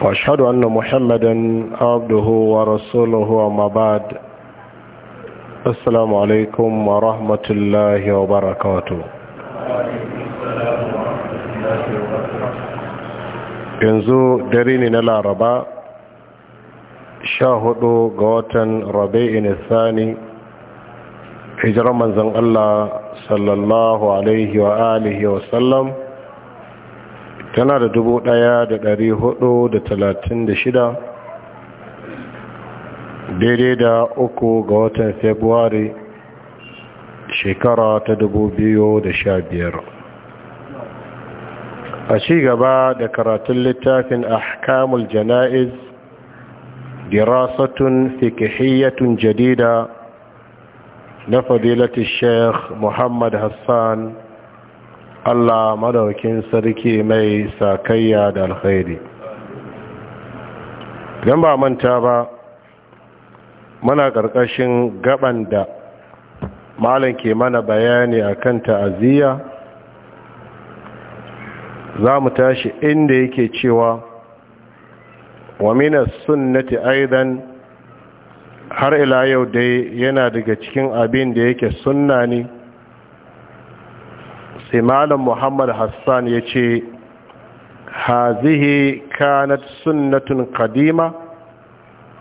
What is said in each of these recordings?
واشهد ان محمدا عبده ورسوله وما بعد السلام عليكم ورحمه الله وبركاته yanzu dare ne na laraba sha hudu ga watan rabi'in sani hijirar manzan allah sallallahu alaihi wa alihi sallam. tana da dubu ɗaya da ɗari hudu da talatin da shida daidai da uku ga watan februari shekara ta dubu biyu da sha biyar a ci gaba da karatun littafin ahkamul jana'iz dirasatun fikihiyatun jadida na fadilatun sheikh muhammad hassan Allah madaukin sarki mai sakayya da alkhairi idan ba manta ba muna ƙarƙashin gaban da malam ke mana bayani akan ta'aziyya za mu tashi inda yake cewa wa minas sunnati aidan har ila yau dai yana daga cikin abin da yake sunna ne sai malam muhammad hassan ya ce hazihi kanat sunnatun kadima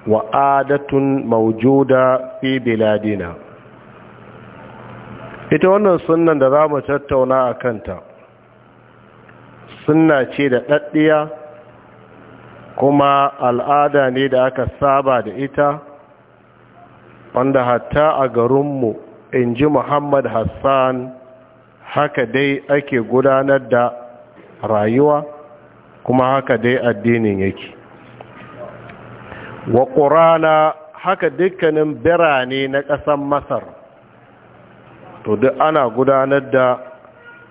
wa adatun maujuda fi biladina ita wannan sunan da za mu tattauna a kanta suna ce da ɗaɗɗiya kuma al'ada ne da aka saba da ita wanda hatta a garinmu in ji muhammad hassan haka dai ake gudanar da rayuwa kuma haka dai addinin yake wa ƙorana haka dukkanin birane na ƙasar masar to duk ana gudanar da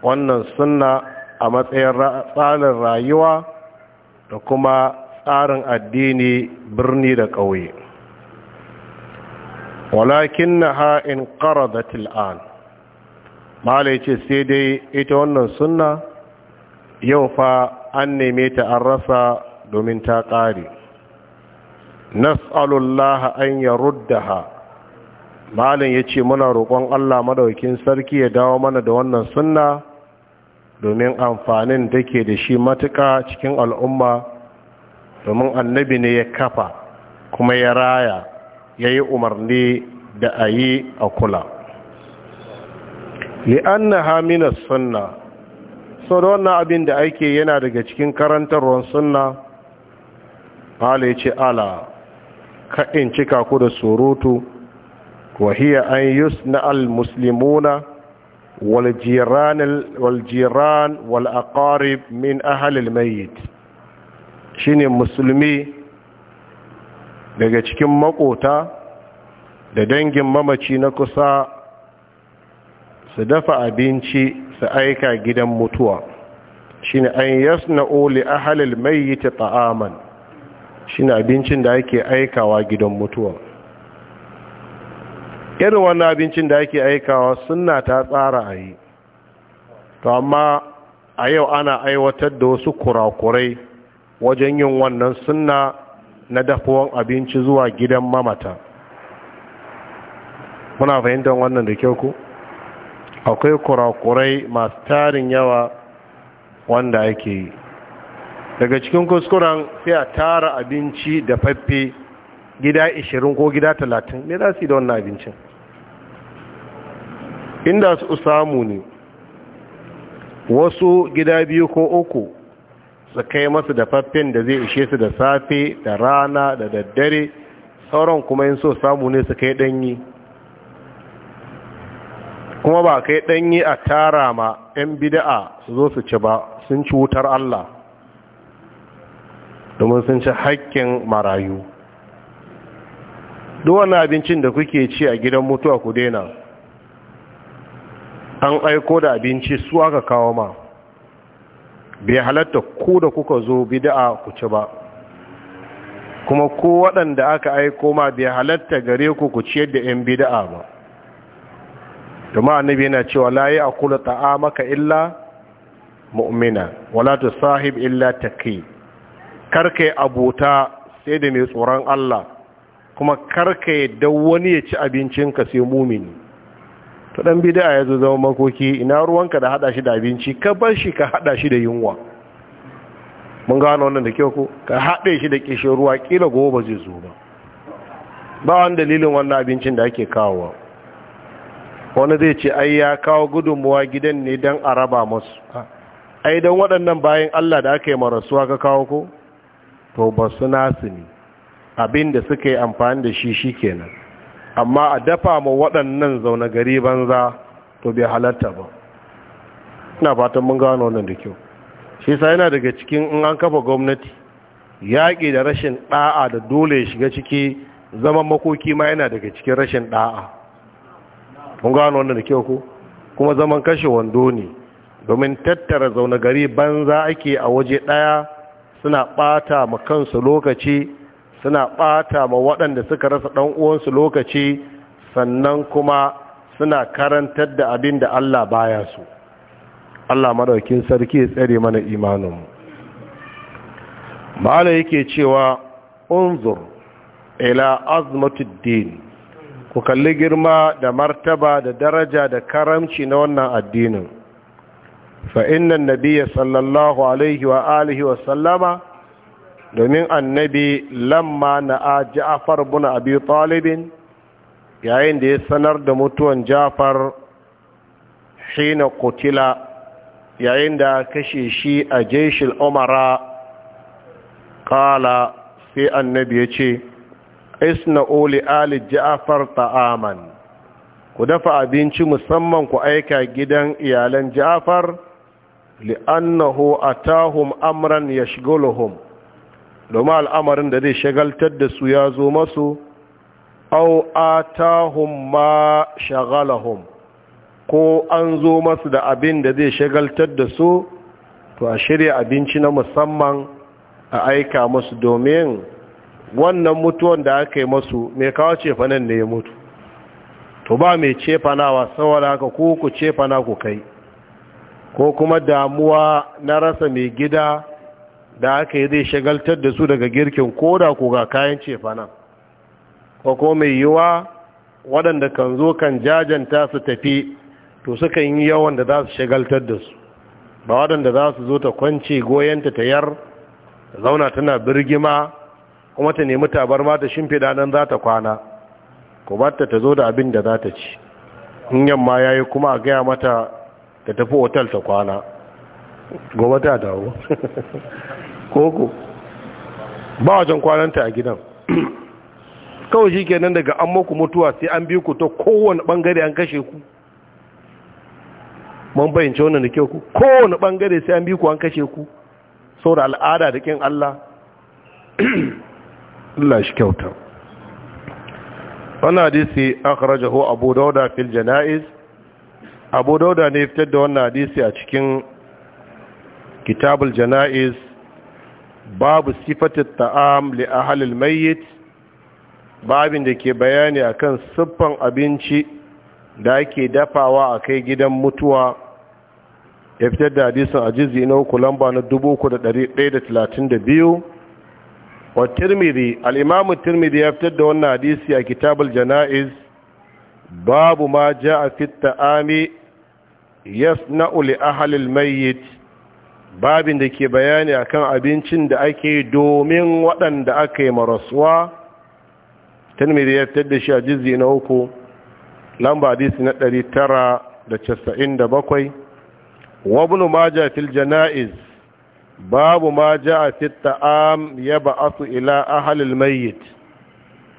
wannan sunna a matsayin tsarin rayuwa da kuma tsarin addini birni da ƙauye walakin na ha'in da an mala ya ce sai dai ita wannan sunna yau fa an neme ta an rasa domin ta ƙare nas'alullah an ya ruddaha malin ya ce muna roƙon allah madaukin sarki ya dawo mana da wannan sunna domin amfanin da ke da shi matuƙa cikin al'umma domin annabi ne ya kafa kuma ya raya ya yi umarni da a yi a kula li'annaha na Hamina sunna so da wannan abin da ake yana daga cikin karantarwar sunna qala ce ala ka in cika ku da surutu wa hiya an yusna al-muslimuna wal jiran wal jiran wal aqarib min ahli al-mayyit shine musulmi daga cikin makota da dangin mamaci na kusa su dafa abinci su aika gidan mutuwa ne an oli a halil mai yi ta ta'aman ne abincin da ake aikawa gidan mutuwa irin wannan abincin da ake aikawa suna ta tsara a yi to amma a yau ana aiwatar da wasu kurakurai wajen yin wannan suna na dafuwan abinci zuwa gidan mamata muna fahimtar wannan da kyau ku? akwai kurakurai masu tarin yawa wanda ake yi daga cikin kuskuren sai a tara abinci da faffe gida 20 ko gida 30 ne za su yi da wannan abincin inda su samu ne wasu gida biyu ko uku su kai masu da faffen da zai ishe su da safe da rana da daddare sauran kuma yin so samu ne su kai ɗanyi kuma ba kai yi a tara ma 'yan bida'a su zo su ci ba sun ci wutar Allah domin sun ci haƙƙin marayu duwane abincin da kuke ci a gidan mutuwa ku daina an aiko da abinci su aka kawo ma bai halatta ku da kuka zo bida'a ku ci ba kuma ko waɗanda aka aiko ma bai halatta gare ku ku ci yadda 'yan bida'a ba domin annabi yana cewa la yi kula ta'amaka illa mu'mina wala ta sahib illa ta taqi karka yi abota sai da mai tsoron Allah kuma karka yi da wani ya ci abincin ka sai mumini to dan bid'a ya zo zama makoki ina ruwanka da hada shi da abinci ka bar shi ka hada shi da yunwa mun gano wannan da kyau ko ka hada shi da kishin ruwa kila gobe zai zo ba ba wani dalilin wannan abincin da ake kawowa wani zai ce ai ya kawo gudunmuwa gidan ne don a raba masu ai don waɗannan bayan allah da aka yi marasuwa ka kawo ko to ba su nasu ne abin da suka yi amfani da shi shi kenan amma a dafa ma waɗannan zaune gari banza to bai halatta ba ina fatan mun gano wannan da kyau shi sa yana daga cikin in an kafa gwamnati yaƙi da rashin ɗa'a da dole ya shiga ciki zaman makoki ma yana daga cikin rashin ɗa'a mun gano wannan da kyau ko kuma zaman kashe wando ne domin tattara zaune gari banza ake a waje ɗaya suna ɓata ma kansu lokaci suna ɓata ma waɗanda suka rasa ɗan uwansu lokaci sannan kuma suna karantar da abin da Allah baya su Allah madaukin sarki ya tsare mana imanin mu Malam yake cewa unzur ila azmatuddin ku kalli girma da martaba da daraja da karamci na wannan addinin fa'innan nabiya sallallahu alaihi wa alihi wa sallama domin annabi lamma na a ja'afar buna abi talibin yayin da ya sanar da mutuwan ja'afar hina kutila yayin da kashe shi a jeshil umara kala sai annabi ya ce isna ali ja'far ta'aman ku dafa abinci musamman ku aika gidan iyalan ja'far li'annahu atahum amran yashghuluhum domin al'amarin da zai shagaltar da su ya zo masu au atahum ma shagalahum ko an zo masu da abin da zai shagaltar da su to a shirya abinci na musamman a aika musu domin wannan mutuwan da aka yi masu mai kawo cefanen ne ya mutu to ba mai cefanawa saboda haka ko ku cefana ku kai ko kuma damuwa na rasa mai gida da aka yi zai shagaltar da su daga girkin koda ko ga kayan cefanan ko ko mai yiwa waɗanda kan zo kan jajanta su tafi to sukan yi yawan da za su shagaltar da su ba waɗanda za su zo ta kwance goyonta ta yar zauna tana birgima kuma ta nemi ma ta shimfiɗa nan za ta kwana ku ba ta zo da abin da za ta ci in yamma ya yi kuma a gaya mata ta tafi otal ta kwana gobe ta dawo koko ba wajen kwananta a gidan kawai shi kenan daga an maku mutuwa sai an bi ku ta kowane bangare an kashe ku mun bayyance wannan da ke ku kowane bangare sai an bi ku an kashe ku saura al'ada da kin Allah Allah shi kyauta wannan hadisi akhrajahu abu dauda fil janaiz abu dauda ne fitar da wannan hadisi a cikin kitabul janaiz babu sifatu ta'am li ahli al-mayyit babin da ke bayani akan siffan abinci da ake dafawa a kai gidan mutuwa ya fitar da hadisin a jizi na uku lamba na biyu. wa tirmidhi al-imam tirmidhi ya fitar da wannan hadisi a kitabul janaiz babu ma jaa fi ta'ami yasna'u li ahli al-mayyit babin da ke bayani akan abincin da ake domin waɗanda aka yi marasuwa tirmidhi ya fitar da shi a juz'i na uku lamba hadisi na 997 wa ibn majah fil janaiz babu ma ja a fi am ya su ila a halil mayyit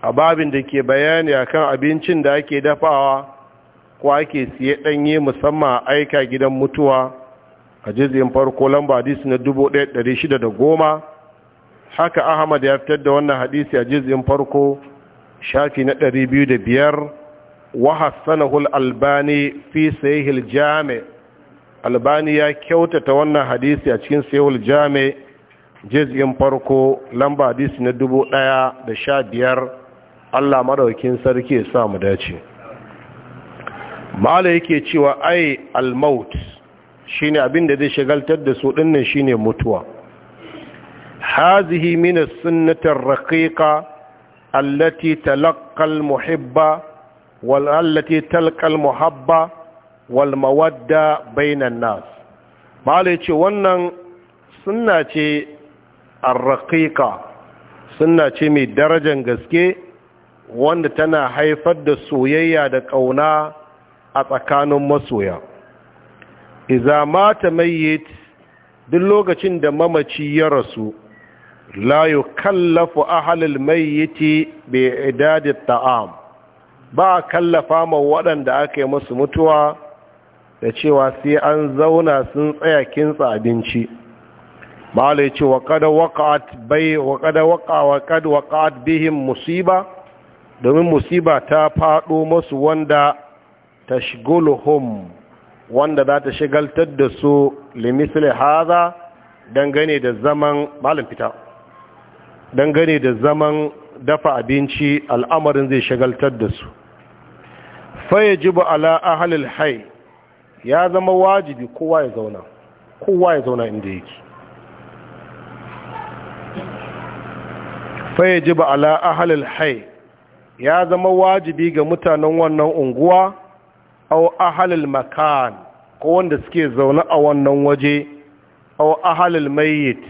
a babin da ke bayani a kan abincin da ake dafawa ko ake siye ɗanye musamman aika gidan mutuwa a jirgin farko lamba hadisi na 1610 haka ahmad ya fitar da wannan hadisi a jirgin farko shafi na 205 wa hassanahu al-albani fi sahih al-jami' albani ya kyautata wannan hadisi a cikin sayul jami jizgin farko lamba hadisi na dubu ɗaya da sha biyar allah maɗaukin sarki ya sa mu dace ma'ala yake cewa ai almaut shine abin da zai shagaltar da su ɗinnan shine mutuwa hazihi min sunnatar raqiqa allati talaqqa muhibba, wal allati talqa muhabba. Walmawadda mawadda bainan nas malai ce wannan sunna ce arraqiqa sunna ce mai darajar gaske wanda tana haifar da soyayya da ƙauna a tsakanin masoya iza mata mayyit duk lokacin da mamaci ya rasu la yukallafu ahlul mayyiti bai idadi ta'am ba kallafa ma waɗanda aka yi musu mutuwa da cewa sai an zauna sun tsaya kintsa abinci ba ya ce wa kada waqa'at bai wa waqa wa kad waqa'at bihin musiba domin musiba ta faɗo masu wanda ta wanda za ta shigaltar da su limisli haza dangane da zaman malam fita dangane da zaman dafa abinci al'amarin zai shagaltar da su fa yajibu ala al hai ya zama wajibi kowa ya zauna kowa ya zauna inda yake fai ji ba ala al hai ya zama wajibi ga mutanen wannan unguwa au al makan ko wanda suke zauna a wannan waje au al mayyit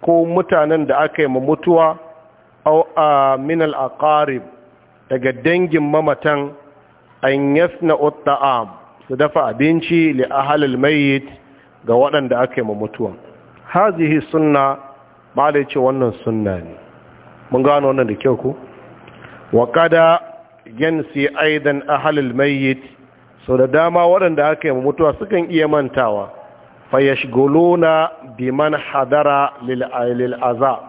ko mutanen da aka yi mutuwa au al aqarib daga dangin mamatan an yasna ta'am su dafa abinci li ahalil mayit ga waɗanda ake mutuwa hazihi sunna ba ce wannan sunna ne mun gano wannan da kyau ku wa kada yansi aidan ahalil mayit sau da dama waɗanda ake mutuwa sukan iya mantawa fayashguluna biman hadara lil aza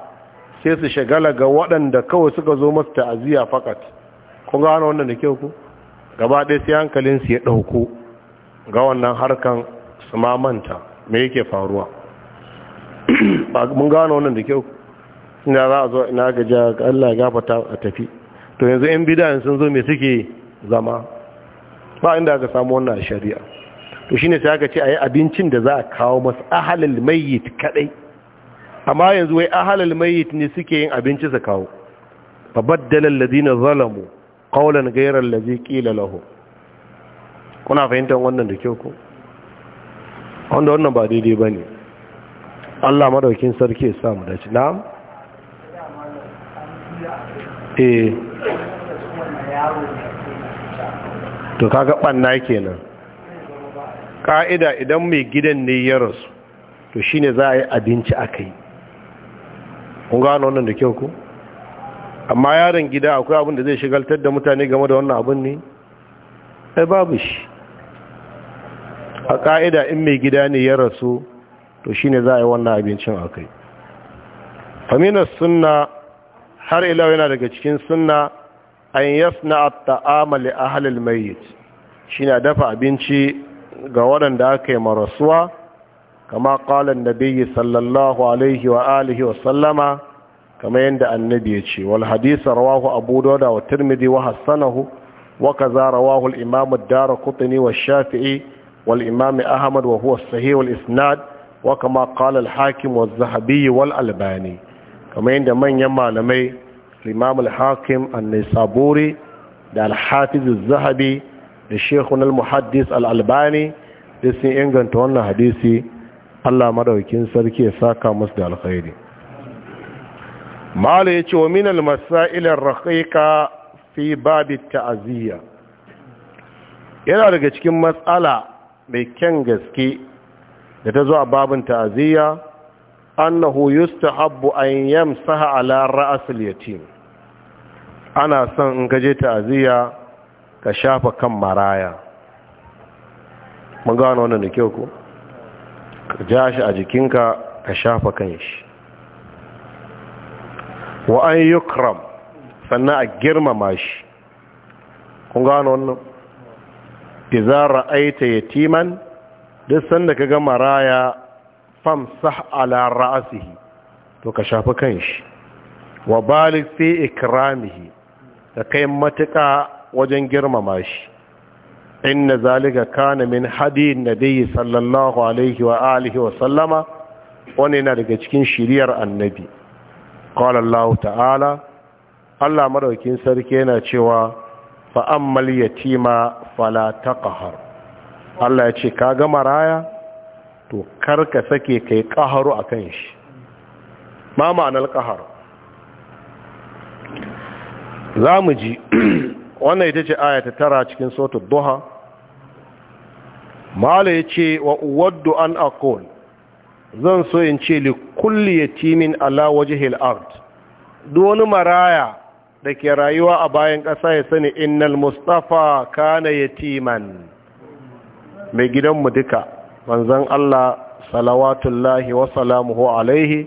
sai su shagala ga waɗanda kawai suka zo masu ta'aziyya fakat kun gano wannan da kyau ku gaba ɗaya sai hankalinsu ya ɗauko ga wannan harkan su mamanta me yake faruwa Ba mun gano wannan da kyau inda za a zo ina ja ga Allah ya gafata a tafi to yanzu yan bidayen sun zo me suke zama ba inda aka samu wannan shari'a to shine sai aka ce ayi abincin da za a kawo masa ahalal mayyit kadai amma yanzu wai ahalal mayyit ne suke yin abinci su kawo baddala alladhina zalamu qawlan ghayra alladhi qila lahum kuna fahimtar wannan da kyau ko wanda wannan ba daidai ba ne allah madaukin sarki ya samu dace na e eh. to kaga banna kenan ka'ida idan mai gidan ne ya rasu to shine za a yi abinci a kai kun gano wannan da kyau ku amma yaron gida akwai abin da zai shigaltar da mutane game da wannan abin ne ai babu shi a ƙa'ida in mai gida ne ya rasu to shi ne za a yi wannan abincin a kai famina suna har ilawa yana daga cikin suna an yasna a ta'amali a halil mayit shi na dafa abinci ga waɗanda aka yi marasuwa kama ƙalan nabiyyi sallallahu alaihi wa alihi wa sallama kama yadda annabi ya ce wal hadisa rawahu abu dauda wa tirmidhi wa hassanahu wa kaza rawahu al-imam ad wa shafi'i والإمام أحمد وهو الصحيح والإسناد وكما قال الحاكم والذهبي والألباني كما عند من يما لمي الإمام الحاكم النيسابوري ده الحافظ الذهبي لشيخنا المحدث الألباني لسي إنغان تونا حديثي الله مدوكين سركي ساكا مسد الخيري ما ليش ومن المسائل الرقيقة في باب التعزية yana daga cikin matsala mai kyan gaske da ta zo a babin ta'aziyya annahu yustahabbu an yamsaha ala ra'sil yatim ana son in gaje ta'aziyya ka shafa kan maraya mun gano wannan da kyau ko ka ja shi a jikinka ka shafa kan shi wa an yukram sannan a girmama shi kun gano wannan iza ra'aita yatiman duk sanda kaga maraya famsah ala ra'sihi to ka shafi kanshi wa balik fi ikramihi ka kai matuka wajen girmama shi inna zalika kana min hadin nabiyyi sallallahu alaihi wa alihi wa sallama wani yana daga cikin shiriyar annabi qala Allah ta'ala Allah madaukin sarki yana cewa fa'ammal yatima fala taqhar Allah ya ce ka ga maraya to karka sake kai qaharu akan shi ma ma'anar qahar mu ji wannan ita ce ayata tara cikin sautu duha mala ce wa uwaddu an aqul zan so in ce li kulli yatimin ala wajhil ard duk wani maraya da ke rayuwa a bayan ƙasa ya sani innal mustafa kana yatiman mai gidanmu duka manzon Allah salawatullahi wa salamuhu alaihi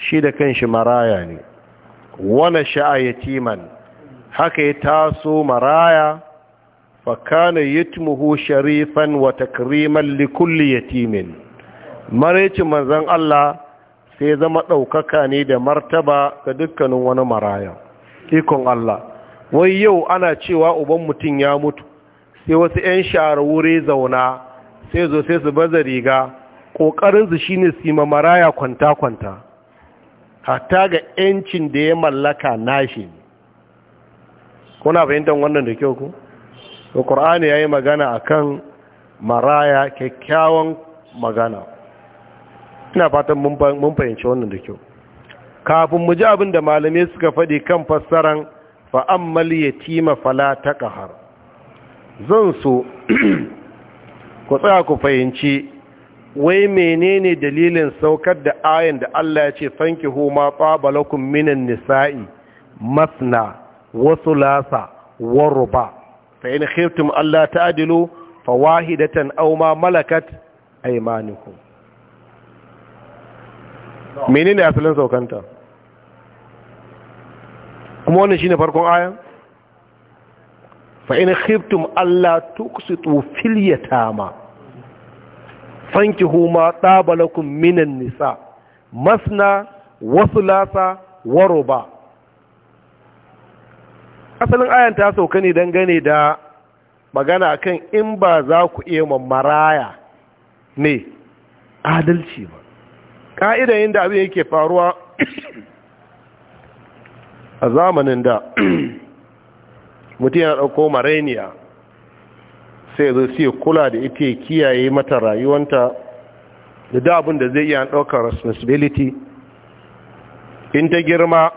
shi da kanshi maraya ne wana sha'a yatiman haka ya taso maraya fa kana yatmuhu sharifan wa takriman li kulli yatimin maraicin manzon Allah sai zama ɗaukaka ne da martaba ga dukkanin wani maraya ikon Allah wai yau ana cewa uban mutum ya mutu sai wasu 'yan shara wuri zauna sai zo sai su baza riga ƙoƙarinsu shi ne su maraya kwanta-kwanta hatta ga 'yancin da ya mallaka nashi kuna fahimtar wannan da kyau ku? da ƙur'ani ya yi magana a kan maraya kyakkyawan magana ina fatan mun fahimci wannan da kyau kafin mu ji abin da malamai suka faɗi kan fassaran fa'ammal yatima fala ta ƙahar zan so ku tsaya ku fahimci wai menene dalilin saukar da ayan da Allah ya ce fanki homa ɓabalakun minan nisa'i masna wasu lasa waruba fa in khiftum Allah ta'dilu fawahidatan aw ma malakat aymanukum menene asalin saukanta kuma wannan shine farkon ayan fa’in in khiftum alla tuqsitu fil ya fankihu ma taba ɗabalakun minan nisa masna wasu lasa waro ba. asalin ayan ta sauka ne dangane da magana kan in ba za ku iya maraya ne adalci ba yin yadda abin yake faruwa a zamanin da mutum yana ɗauko mareniya sai zo siya kula da ita kiyaye mata rayuwanta da da da zai iya ɗaukar responsibility in ta girma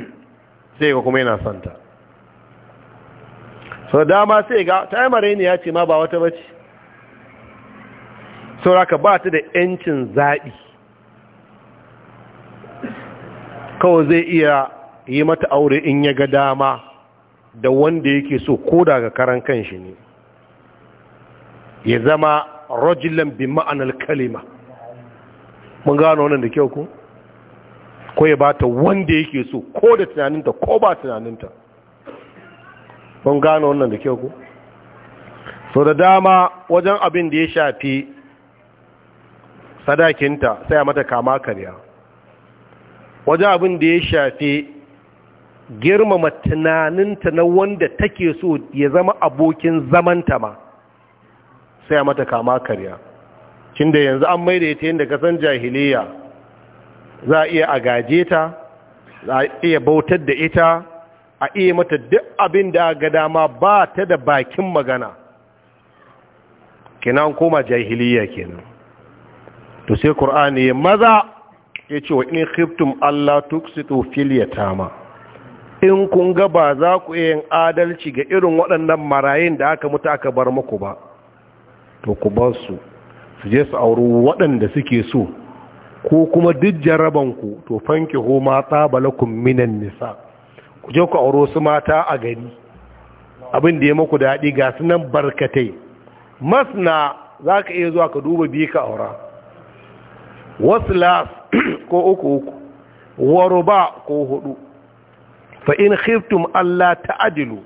sai ga kuma yana santa sau dama sai ga ta yi mareniya ce ma ba wata bace sauraka ba ta da 'yancin zaɓi kawai zai iya yi mata aure in ya ga dama da wanda yake so ko daga karan shi ne ya zama rajulan bi ma'anar kalima mun gano wannan da kyau ku ko ya bata wanda yake so ko da tunaninta ko ba tunaninta mun gano wannan da kyau ku so da dama wajen abin da ya shafi sadakinta sai a mata kama karya wajen abin da ya shafi girmama tunaninta na wanda take so ya zama abokin zamanta ma sai a mata kama karya cin da yanzu an maida ta da kasan jahiliya za a iya agaje ta za a iya bautar da ita a iya mata duk abin da ga dama ba ta da bakin magana kenan koma jahiliya kenan to sai qur'ani maza ya ce wa in khiftum allah tuksitu fil yatama in kun ga ba za ku iya yin adalci ga irin waɗannan marayin da aka mutu aka bar muku ba to ku ba su su je su auri waɗanda suke so ko kuma duk jarabanku to fanki ho mata balakun minan nisa ku je ku auro su mata a gani, abin da ya maku daɗi ga su nan barkatai masna za ka iya zuwa ka duba biyu ka aura wasu las ko uku uku waruba ko hudu fa in khiftum Allah ta'dilu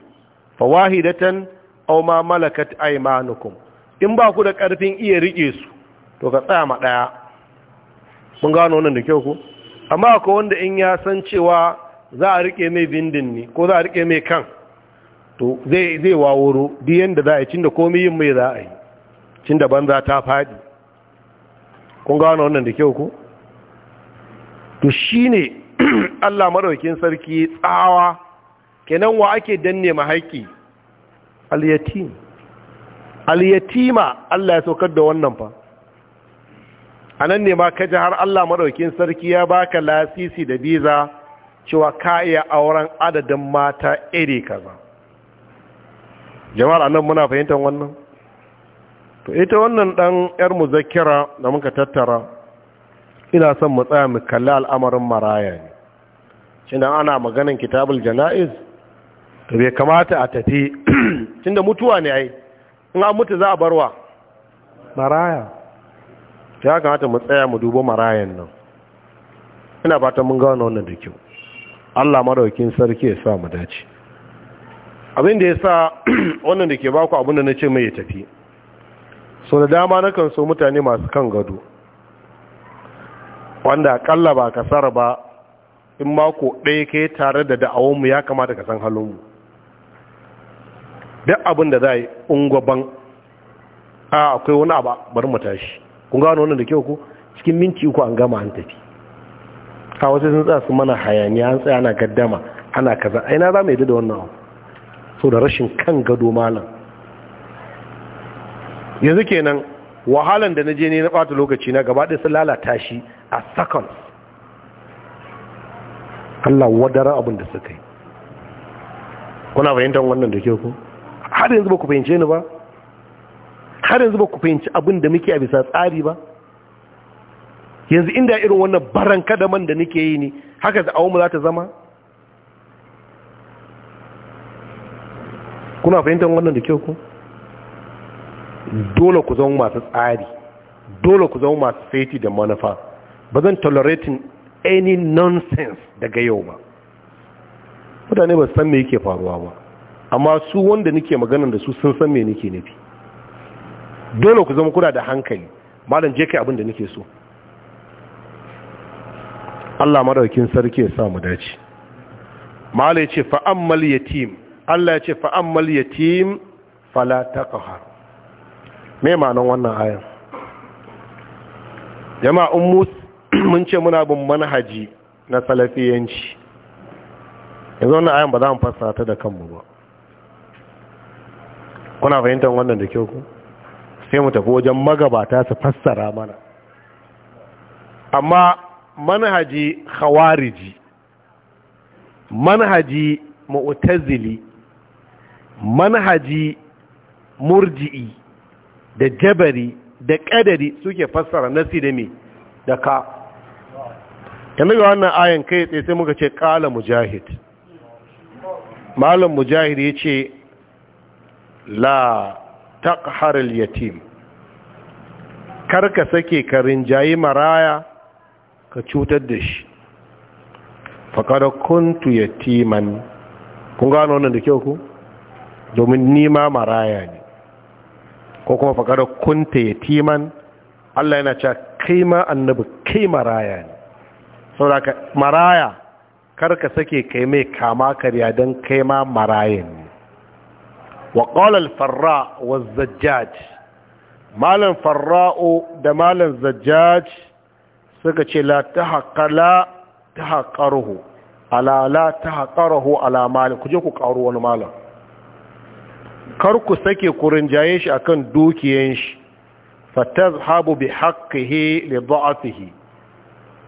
fawahidatan aw ma malakat aymanukum in ba ku da karfin iya rike su to ka tsaya ma daya mun gano wannan da kyau ko amma akwai wanda in ya san cewa za a rike mai bindin ni ko za a rike mai kan to zai zai waworo biyan da za a yi cin da komai yin mai za a yi cin da banza ta faɗi kun gano wannan da kyau ko to shine Allah maraukin sarki tsawa kenan wa ake danne ma haƙƙi al-yatim al-yatima Allah ya saukar da wannan fa anan ne ma kaji har Allah maraukin sarki ya baka lasisi da biza cewa ka iya auren adadin mata iri kaza jama'ar annan muna fahimtar wannan to ita wannan dan yar muzakkira da muka tattara ina son mu tsaya mu kalli al'amarin maraya ne shin ana maganin kitabul jana'iz to bai kamata a tafi tunda mutuwa ne ai in an mutu za a barwa maraya ya kamata mu tsaya mu dubo marayan nan ina fata mun gano wannan da kyau Allah madaukin sarki ya sa mu dace abin da ya sa wannan da ke baku abin da na ce mai ya tafi so da dama na kan so mutane masu kan gado wanda akalla ba kasar ba in mako ɗaya ke tare da da'awonmu ya kamata ka san halonmu duk abin da za a yi ungwaban a akwai wani abu bari mu tashi kun gano wannan da kyau ko cikin minti uku an gama an tafi a wasu sun tsaya su mana hayaniya an tsaya ana gaddama ana kaza aina za mu yi da wannan abu so da rashin kan gado malam yanzu kenan wahalan da na je ne na ɓata lokaci na gaba ɗaya sun lalata shi a seconds Allah wadara abin da suka yi kuna fahimtar wannan da ke ku har yanzu ba ku fahimce ni ba har yanzu ba ku fahimci abin da muke a bisa tsari ba yanzu inda irin wannan baran da man da nake yi ne haka da awon za ta zama kuna fahimtar wannan da ke ku dole ku zama masu tsari dole ku zama masu saiti da manufa ba zan tolerating any nonsense daga yau ba mutane ba san me yake faruwa ba amma su wanda nake magana da su sun san me nake nufi dole ku zama kuna da hankali malam je kai abin da nake so Allah madaukin sarki ya sa mu dace malai ce fa ammal yatim Allah ya ce fa ammal yatim fala taqhar me ma'anar wannan ayan jama'un Musa. mun ce muna bin manhaji na salafiyanci yanzu wannan ayan ba za mu fassara ta da kanmu ba kuna fahimtar wannan da kyau ku sai mu tafi wajen magabata su fassara mana amma manhaji khawariji manhaji mu'tazili manhaji murji'i da jabari da kadari suke fassara nasi da me da ka game ga wannan ayan kai tsaye sai muka ce kala mujahid malam mujahid ya ce la taqhar yatim karka sake ka rinjayi maraya ka cutar da shi faƙada kuntu yatiman kun gano wannan da kyau ku domin nima maraya ne ko kuma faƙada kunta yatiman Allah yana cewa kai ma annabi kai maraya ne saboda ka maraya kar ka sake kai mai kama karya don kai ma marayin ne wa farra zajjaj malam farra'u da malam zajjaj suka ce la tahaqala tahaqaruhu ala la ala ku ƙaru wani malam kar ku sake ku rinjaye shi akan dukiyan shi fatazhabu bi haqqihi li dha'fihi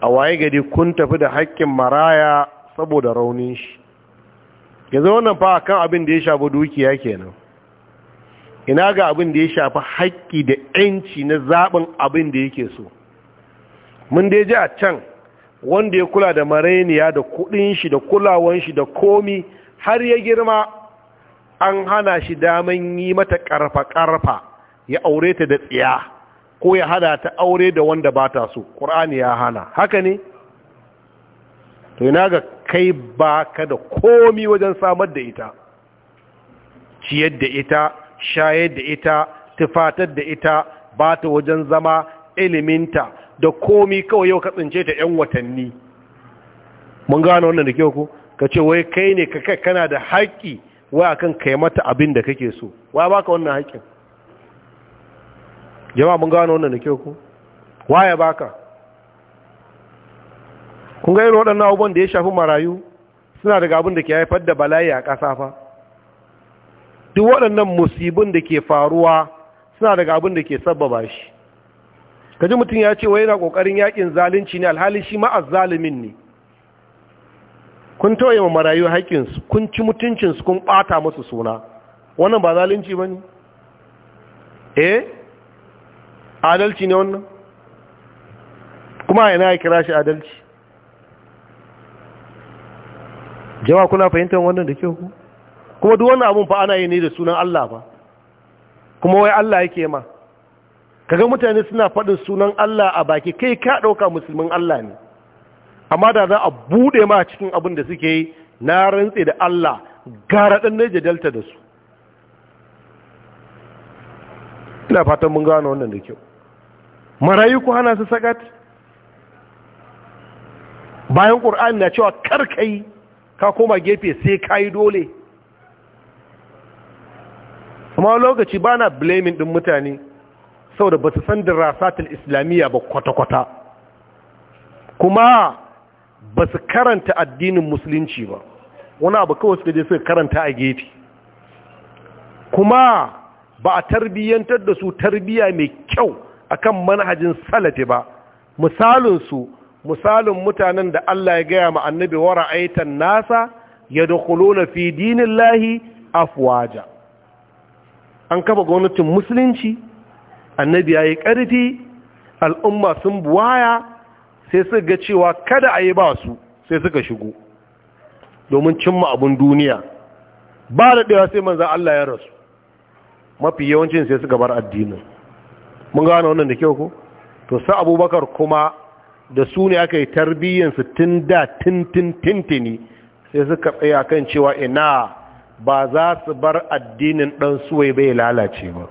a waye gari kun tafi da haƙƙin maraya saboda raunin shi Ya yanzu wannan fa kan abin da ya shafi dukiya kenan ina ga abin da ya shafi haƙƙi da 'yanci na zaɓin abin da yake so mun dai ji a can wanda ya kula da mareniya da kuɗin shi da kulawan shi da komi har ya girma an hana shi daman yi mata ƙarfa-ƙarfa ya aure ta da tsiya ko ya hada ta aure da wanda ba ta so ƙur'ani ya hana haka ne to yana ga kai ba ka da komi wajen samar da ita ciyar da ita shayar da ita tufatar da ita ba ta wajen zama iliminta da komi kawai yau ka tsince ta 'yan watanni mun gano wannan da kyau ka ce wai kai ne kana da haƙƙi wai akan kai mata abin da kake so wa baka wannan haƙƙin jama'a mun gano wannan da kyau ku waye baka kun ga irin waɗannan abubuwan da ya shafi marayu suna daga abin da ke haifar da bala'i a ƙasa fa duk waɗannan musibin da ke faruwa suna daga abin da ke sabbaba shi kaji mutum ya ce wai yana ƙoƙarin yakin zalunci ne alhali shi ma azzalimin ne kun tawaye ma marayu haƙƙinsu kun ci mutuncinsu kun ɓata musu suna wannan ba zalunci ba ne eh adalci ne wannan kuma yana ya kira shi adalci jama'a kuna fahimtar wannan da kyau kuma duk wannan abun fa ana yi ne da sunan Allah ba kuma wai Allah yake ma kaga mutane suna faɗin sunan Allah a baki kai ka ɗauka musulmin Allah ne amma da za a buɗe ma cikin abin da suke yi na rantse da Allah gara ɗan na jadalta da su ina fatan mun gano wannan da kyau marayu ku hana su sakat bayan ƙur'ani na cewa karkai ka koma gefe sai ka yi dole amma lokaci ba na blaming ɗin mutane saboda ba su san da rasatul islamiyya ba kwata-kwata kuma ba su karanta addinin musulunci ba wani abu kawai suka je suka karanta a gefe kuma ba a tarbiyyantar da su tarbiyya mai kyau akan manhajin salati ba misalin su misalin mutanen da Allah ya gaya ma annabi wa ra'aitan nasa yadkhuluna fi dinillahi afwaja an kafa gwamnatin musulunci annabi yayi karfi al'umma sun buwaya sai suka ga cewa kada a yi ba su sai suka shigo domin cimma abun duniya ba da daya sai manzo Allah ya rasu mafi yawancin sai suka bar addinin mun gane wannan da kyau ko to sa abubakar kuma da su ne aka yi tarbiyyansu tun da tintintintini sai suka tsaya kan cewa ina ba za su bar addinin ɗan suwai bai lalace ba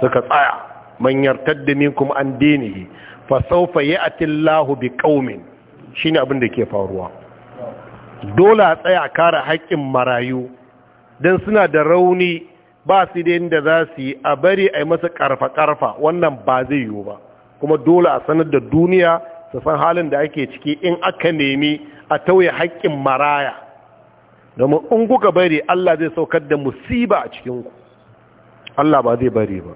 suka tsaya manyar taddamin kuma an dinihi fa saufa yi tillahu bi ƙaumin shi ne abin da ke faruwa dole a tsaya kare haƙƙin marayu don suna da rauni ba su da yadda za su yi a bari a yi masa karfa-karfa wannan ba zai yiwu ba kuma dole a sanar da duniya su san halin da ake ciki in aka nemi a tauye haƙƙin maraya domin in kuka bari Allah zai saukar da musiba a cikinku Allah ba zai bari ba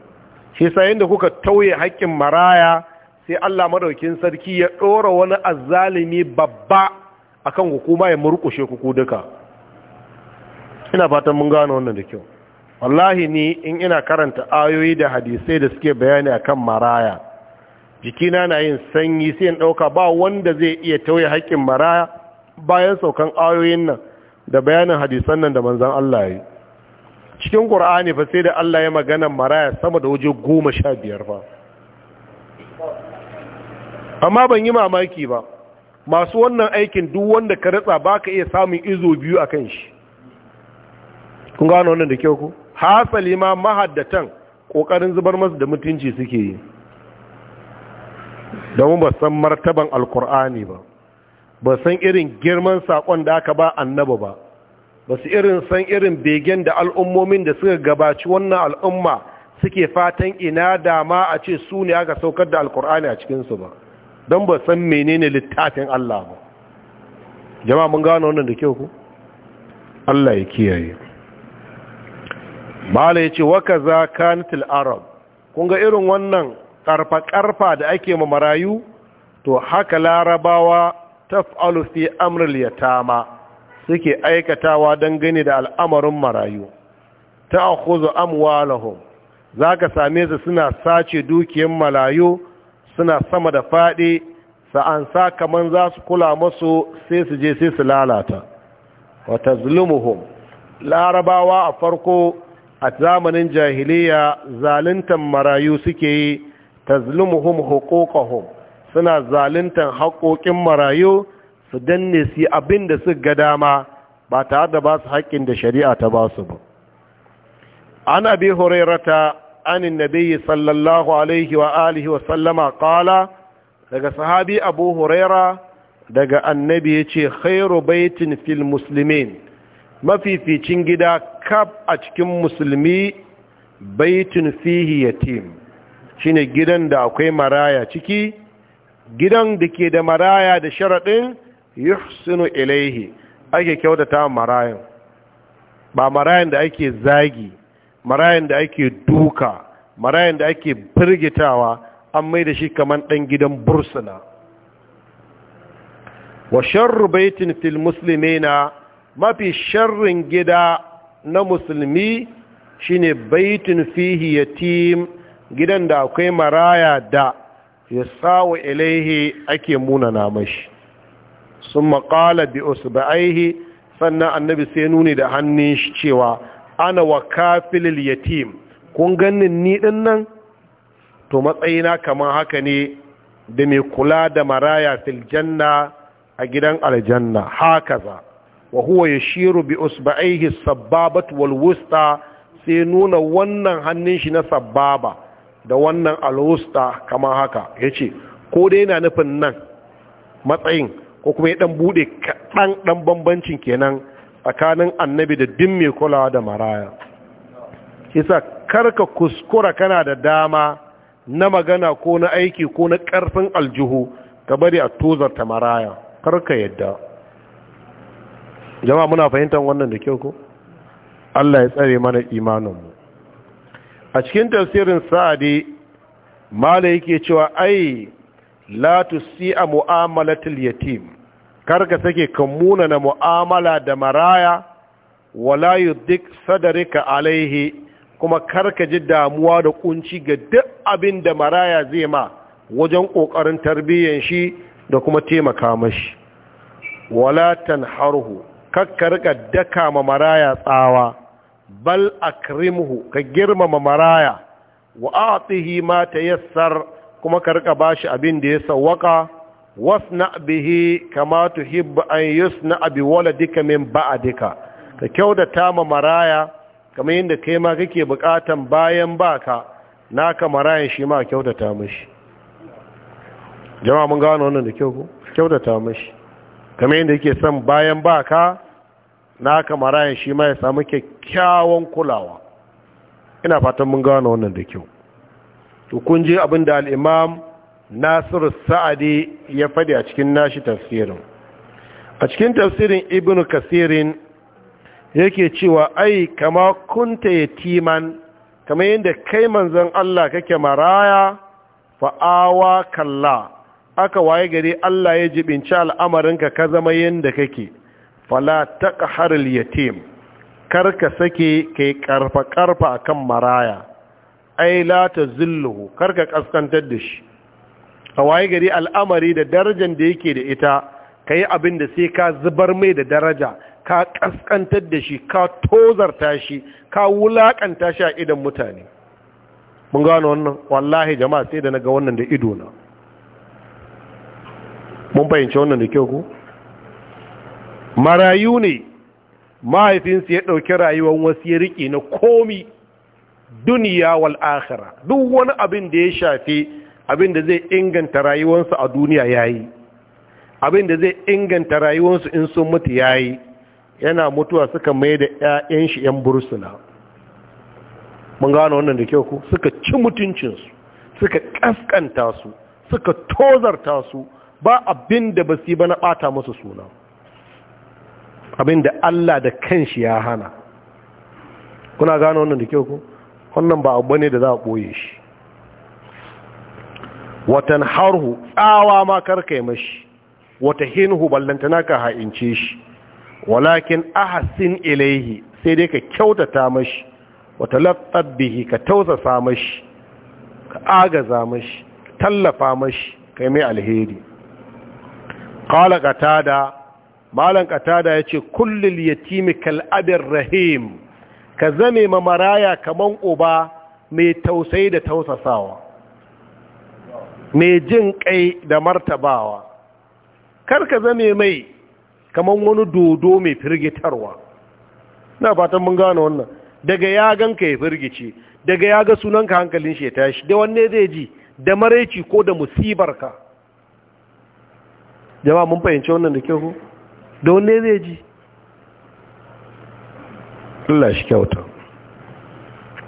shi da kuka tauye haƙƙin maraya sai Allah madaukin sarki ya ɗora wani azzalimi babba a akan hukuma ya murƙushe kuku duka ina fatan mun gane wannan da kyau wallahi ni in ina karanta ayoyi da hadisai da suke bayani akan maraya jikina na yin sanyi sai in ɗauka ba wanda zai iya tauye haƙƙin maraya bayan saukan ayoyin nan da bayanin hadisan nan da manzan Allah ya yi cikin ƙur'ani fa sai da Allah ya magana maraya sama da waje goma sha biyar fa amma ban yi mamaki ba masu wannan aikin duk wanda ka ritsa baka iya samun izo biyu a kan shi kun gano wannan da kyau ku? hasali ma mahaddatan kokarin zubar masu da mutunci suke yi don ba san martaban alkur'ani ba ba san irin girman sakon da aka ba annaba ba ba su irin san irin begen da al'ummomin da suka gabaci wannan al'umma suke fatan ina dama a ce su ne aka saukar da alkur'ani a cikinsu ba don ba san menene littafin Allah ba jama'a mun gano wannan da kyau ku Allah ya kiyaye mala ya ce waka za kanitil arab kun ga irin wannan karfa-karfa da ake ma marayu to haka larabawa ta fi amril ya tama suke aikatawa don gani da al'amarin marayu ta ta'khudhu amwalahum ka same su suna sace dukiyar marayu suna sama da faɗi sa'an sa kamar za su kula masu sai su je sai su lalata wa tazlumuhum larabawa a farko a zamanin jahiliya zaluntan marayu suke yi ta tazlumuhum huquqahum suna zaluntan haƙoƙin marayu su danne su abin da su ga dama ba tare da ba su haƙƙin da shari'a ta ba su ba an abi hurairata anin nabiyyi sallallahu alaihi wa alihi wa sallama kala daga sahabi abu huraira daga annabi ce, khairu baitin fil muslimin mafificin gida kaf a cikin musulmi baitin fihi yatim shine gidan da akwai maraya ciki gidan da ke da maraya da sharaɗin yuhsinu ilaihi ake kyautata marayan ba marayan da ake zagi marayan da ake duka marayan da ake firgitawa an mai da shi kamar ɗan gidan bursuna wa sharru baitin fil muslimina mafi sharrin gida na musulmi shine baitin fihi yatim gidan da akwai maraya da ya sawa ilaihi ake munana mashi sun maƙala bi aihi sannan annabi sai nuni da hannun shi cewa ana wa kafilil yatim kun ganin ni din nan to matsayina kamar haka ne da mai kula da maraya filjanna a gidan aljanna haka za wa huwa yashiru bi usba'ihi sabbabat wal wusta sai nuna wannan hannun shi na sabbaba da wannan alwusta kamar haka yace ko dai yana nufin nan matsayin ko kuma ya dan bude kadan bambancin kenan tsakanin annabi da din mai kulawa da maraya kisa karka kuskura kana da dama na magana ko na aiki ko na karfin aljihu ka bari a tozarta maraya karka yadda jama'a muna fahimtar wannan da kyau ko Allah ya tsare mana imaninmu a cikin tafsirin sa'adi mala yake cewa ai la a mu'amalatul yatim ka sake kammuna na mu'amala da maraya wala yudik sadarika alaihi kuma kar ka ji damuwa da kunci ga duk abin da maraya zai ma wajen kokarin tarbiyyar shi da kuma taimaka mashi wala tanharhu kakkarka daka ma maraya tsawa bal akrimhu ka girmama maraya wa atihi ma tayassar kuma ka rika bashi abin da ya sawaka wasna bihi kama tuhibbu an yusna bi waladika min ba'dika ka kyautata ma maraya kamar yadda kai ma kake bukatan bayan baka naka marayan shi ma kyautata mishi jama'a mun gano wannan da kyau ko kyautata mishi kamar yadda yake son bayan baka na haka shi ma ya samu kyakkyawan kulawa ina fatan mun gano wannan da kyau to kun ji abin da al'imam nasiru sa'adi ya faɗi a cikin nashi tafsirin a cikin tafsirin ibn kasirin yake cewa ai kama kunta yatiman kama yadda kai manzon Allah kake maraya fa'awa kalla aka waye gari Allah ya jibinci al'amarinka ka zama yadda kake fala taqhar al-yatim karka sake kai karfa karfa akan maraya ai la tazilluhu karka kaskantar da shi a waye gari al'amari da darajar da yake da ita kai abin da sai ka zubar mai da daraja ka kaskantar da shi ka tozarta shi ka wulakanta shi a idan mutane mun gano wannan wallahi jama'a sai da naga wannan da ido na mun fahimci wannan da kyau ko marayu ne mahaifinsu ya ɗauki rayuwar wasu ya riƙe na komi duniya wal akhira duk wani abin da ya shafi abin da zai inganta rayuwarsu a duniya ya yi, abin da zai inganta rayuwarsu in sun mutu ya yi, yana mutuwa suka mai da 'ya'yan shi 'yan bursuna mun gano wannan da kyau ku suka ci mutuncinsu suka kaskanta su suka tozarta su ba abin da ba su yi ba na ɓata musu suna Abin da Allah da kanshi ya hana kuna gano wannan da kyau ku wannan ba abu ne da za a ɓoye shi watan harhu tsawa ma karkai mashi wata hinhu ballantana ka ha'ince shi walakin ahasin ilaihi sai dai ka kyautata mashi wata lafabbihi ka tausasa mashi ka agaza mashi tallafa mashi ka yi mai alheri qala da Malam katada ya ce kullul yatimi kal'abin rahim ka zame ma maraya kaman uba mai tausayi da tausasawa mai jin kai da martabawa kar ka zame mai kaman wani dodo mai firgitarwa na fatan mun gane wannan daga ya ka ya firgice daga ya ga sunanka hankalin shi ya tashi da wanne zai ji da maraici ko da musibarka jama'a mun fahimci wannan da kyau da ne zai ji Allah shi kyauta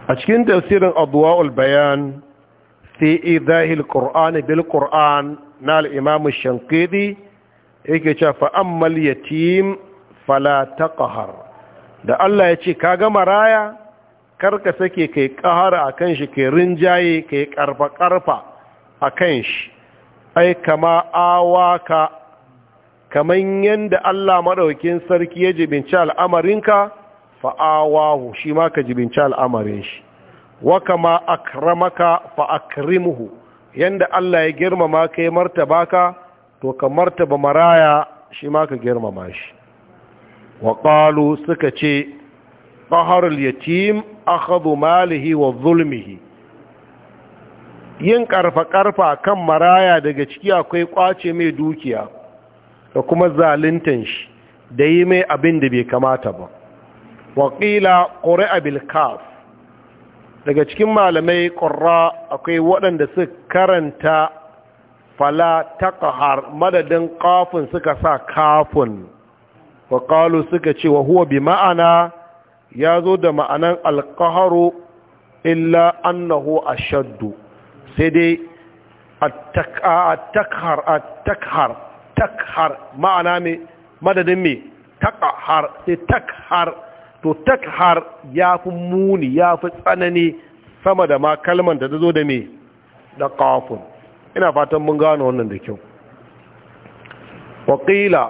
a cikin tafsirin abuwa bayan fi idahil ƙur'ani bil ƙor'an na al'imamu shankiri shankidi yake cewa fa ammal yatim fala ƙahar da Allah ya ce ka gama maraya karka sake kai ƙahara akan shi kai rinjaye kai ƙarfa ƙarfa akan shi ai kama awaka kamar yadda Allah maɗaukin sarki ya jibinci al'amarinka fa'awahu shi ma ka jibinci al'amarin shi wa kama akramaka fa'akrimuhu yadda Allah ya girmama ka yi martaba ka to ka martaba maraya shi ma ka girmama shi wa ƙalu suka ce ƙaharul yatim akhadhu malihi wa zulmihi yin ƙarfa-ƙarfa kan maraya daga ciki akwai ƙwace mai dukiya da kuma zalintan shi da yi mai abin da bai kamata ba waƙila ƙuri'a bilkaf daga cikin malamai ƙurra akwai waɗanda su karanta fala taƙahar madadin ƙafin suka sa kafin waƙalu suka ce wa huwa bi ma'ana ya zo da ma'anan alƙaharu illa annahu shaddu sai dai a takhar takhar ma'ana me madadin me takhar sai takhar to takhar ya fi muni ya fi tsanani sama da ma kalman da zo da me da qafun ina fatan mun gano wannan da kyau Waƙila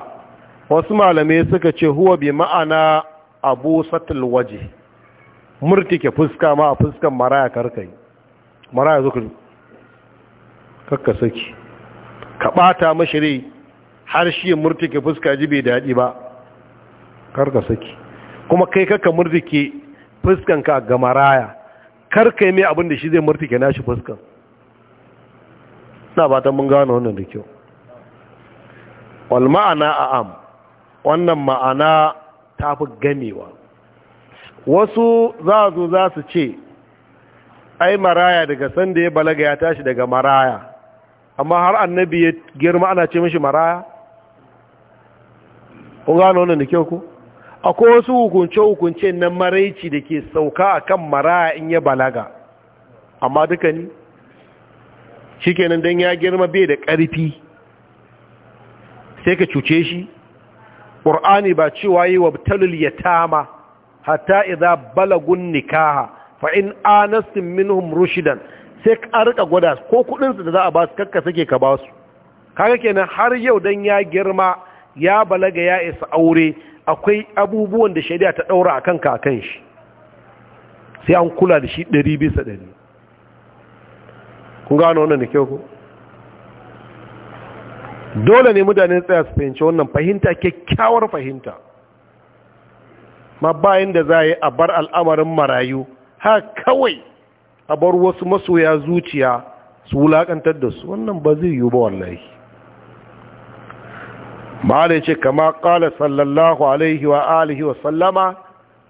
wasu malamai suka ce huwa bi ma'ana abu satul waje murtike fuska ma a fuskan maraya karkai maraya zuku ka saki ka bata mashi har shi ya murtuke fuska ji bai daɗi ba karka saki kuma kai kaka murtuke fuskanka ga maraya karka yi mai abin da shi zai murtike nashi fuskan na batan mun gano wannan da kyau wal ma'ana a am wannan ma'ana ta fi gamewa wasu za zo za su ce ai maraya daga sanda ya balaga ya tashi daga maraya amma har annabi ya girma ana ce mishi maraya kun gano wannan da kyau ko akwai wasu hukunce-hukunce na maraici da ke sauka a kan maraya in ya balaga amma duka ni shi kenan don ya girma bai da ƙarfi sai ka cuce shi ƙur'ani ba cewa yi wa talul ya tama hatta iza balagun nikaha fa in anastin minhum rushidan sai ka rika gwada ko kudinsu da za a ba su kakka sake ka ba su kaga kenan har yau don ya girma ya balaga ya isa aure akwai abubuwan da shari'a ta daura akan kakan shi sai an kula da shi ɗari bisa ɗari kun gano wannan da kyau ku dole ne mutane tsaya su fahimci wannan fahimta kyakkyawar fahimta ma bayan da za a yi a bar al'amarin marayu ha kawai a bar wasu masoya zuciya su wulakantar da su wannan ba zai yiwu ba wallahi ma'ala ya ce kama ƙala sallallahu alaihi wa alihi wa sallama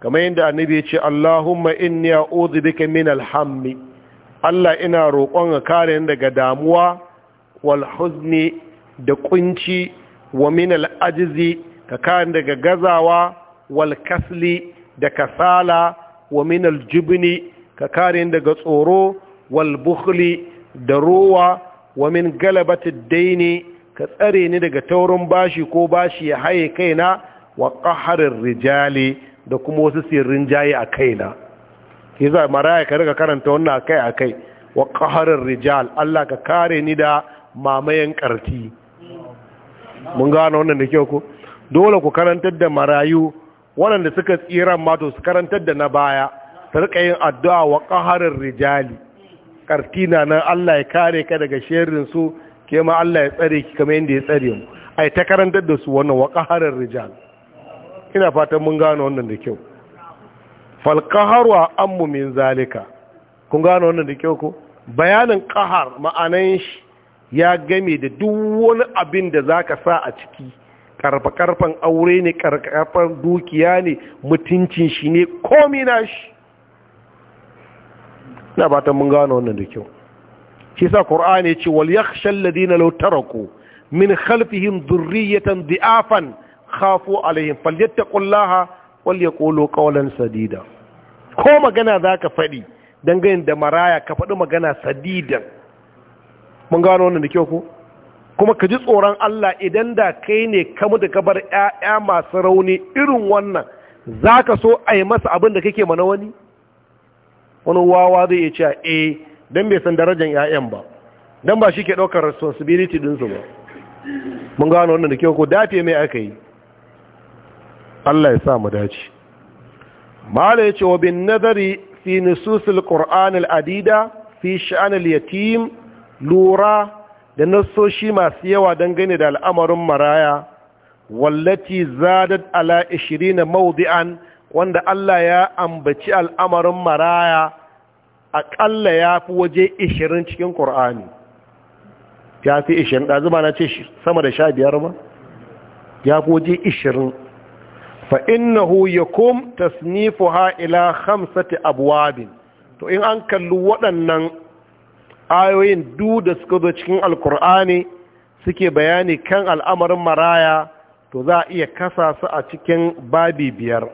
kama yadda annabi ya ce allahumma inni a'udhu bika min alhammi allah ina roƙon ka kare ni daga damuwa wal huzni da kunci wa min al'ajizi ka kare daga gazawa wal kasli da kasala wa min aljubni ka kare daga tsoro wal bukhli da ruwa wa min galabati daini ka tsare ni daga taurin bashi ko bashi ya haye kaina wa ƙaharin rijali da kuma wasu sirrin jaye a kaina ke za maraya ka riga karanta wannan akai akai wa ƙaharin rijal Allah ka kare ni da mamayen ƙarti mun gano wannan da kyau ko dole ku karantar da marayu waɗanda suka tsira mato su karantar da na baya ta rika yin addu'a wa ƙaharin rijali ƙarti na nan Allah ya kare ka daga sharrin su ke ma Allah ya tsare ki kamar yadda ya tsare mu ai ta karantar da su wannan wa rijal ina fatan mun gano wannan da kyau fal qaharu ammu min zalika kun gano wannan da kyau ko bayanin qahar ma'anan shi ya game da duk wani abin da zaka sa a ciki karfa-karfan aure ne karfan dukiya ne mutuncin shi ne komi na shi na mun gano wannan da kyau shi sa ya ce wal yakhsha alladhina law taraku min khalfihim dhurriyatan dhi'afan khafu alaihim falyattaqullaha wal kolo qawlan sadida ko magana za ka faɗi ganin da maraya ka faɗi magana sadidan mun gano wannan da kyau ko kuma ka ji tsoron Allah idan da kai ne ka mutu ka bar ƴaƴa masu rauni irin wannan za ka so a yi masa abin da kake mana wani wani wawa zai iya cewa eh don bai san darajar 'ya'yan ba don ba shi ke ɗaukar responsibility ɗinsu ba mun gano wannan da kyau ko dafe mai aka yi Allah ya sa mu dace mala ya ce wa bin nazari fi nususul qur'an adida fi sha'an yatim lura da nasoshi masu yawa don gane da al'amarin maraya wallati zadat ala 20 mawdi'an wanda Allah ya ambaci al'amarin maraya aƙalla ya fi waje 20 cikin ƙor'ani ya fi 20 ɗazu ba na ce sama da sha biyar ba ya fi waje 20 fa innahu yakum ha ila khamsati abwabin to in an kalli waɗannan ayoyin du da suka zo cikin alkur'ani suke bayani kan al'amarin maraya to za a iya kasa su a cikin babi biyar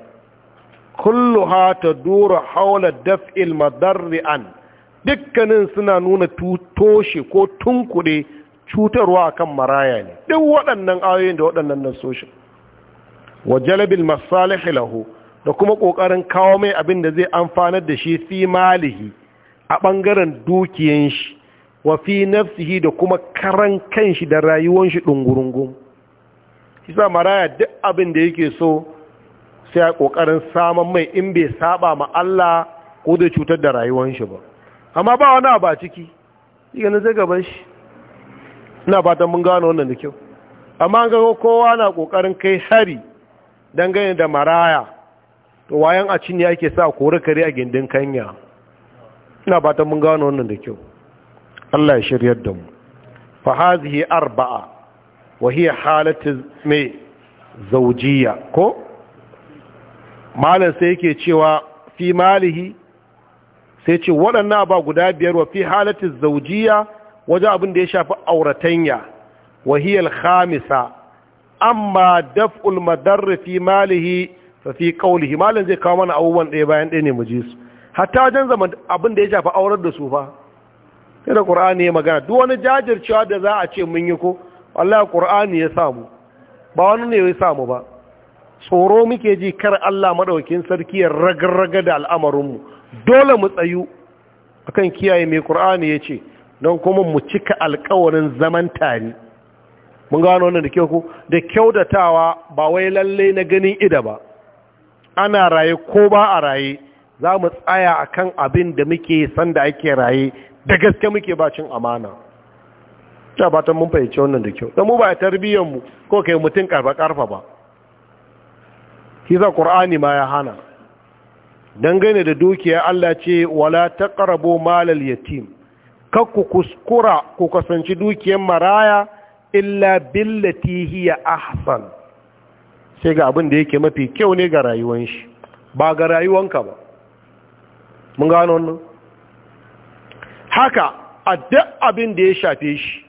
kulluha ta dora haula daf'il madarri'an dukkanin suna nuna toshe ko tunkuɗe cutarwa akan maraya ne duk waɗannan ayoyin da waɗannan nasoshin wa jalabil masalihi lahu da kuma ƙoƙarin kawo mai abin da zai amfanar da shi fi malihi a ɓangaren dukiyan shi wa fi nafsihi da kuma karan kanshi da rayuwan shi ɗungurungun shi sa maraya duk abin da yake so sai a kokarin saman mai in bai saba ma Allah ko da cutar da rayuwar shi ba amma ba wani ba ciki iya na zaga ban shi ina fatan mun gano wannan da kyau amma ga kowa na kokarin kai hari dangane da maraya to wayan a cinye ake sa kore kare a gindin kanya ina fatan mun gano wannan da kyau Allah ya shiryar da mu fa hazihi arba'a wa hiya halatu mai zawjiyya ko malam sai yake cewa fi malihi sai ce waɗannan ba guda biyar wa fi halatin zaujiya wajen abin da ya shafi auratanya wahiyar khamisa amma daf'ul madarri fi malihi fa fi kaulihi malam zai kawo mana abubuwan ɗaya bayan ɗaya ne mu ji su hatta wajen zaman abin da ya shafi aurar da su fa sai da ƙur'ani ya magana duk wani jajircewa da za a ce mun yi ko wallahi ƙur'ani ya samu ba wani ne ya samu ba tsoro muke ji kar Allah maɗaukin sarki ya ragarraga da al'amarinmu dole mu tsayu akan kiyaye mai ƙur'ani ya ce don kuma mu cika alƙawarin zaman tare mun gano wannan da kyau ku da tawa ba wai lalle na ganin ida ba ana raye ko ba a raye za mu tsaya akan abin da muke san da ake raye da gaske muke bacin amana ta mun fahimci wannan da kyau don mu ba tarbiyyar mu ko kai mutum karfa karfa ba shi za ma ya hana dangane da dukiya Allah ce wala taqrabu malal yatim kakku kuskura ku kasance dukiyar maraya illa billati hiya ahsan sai ga abin da yake mafi kyau ne ga rayuwan shi ba ga rayuwanka ba mun gano wannan haka a duk abin da ya shafe shi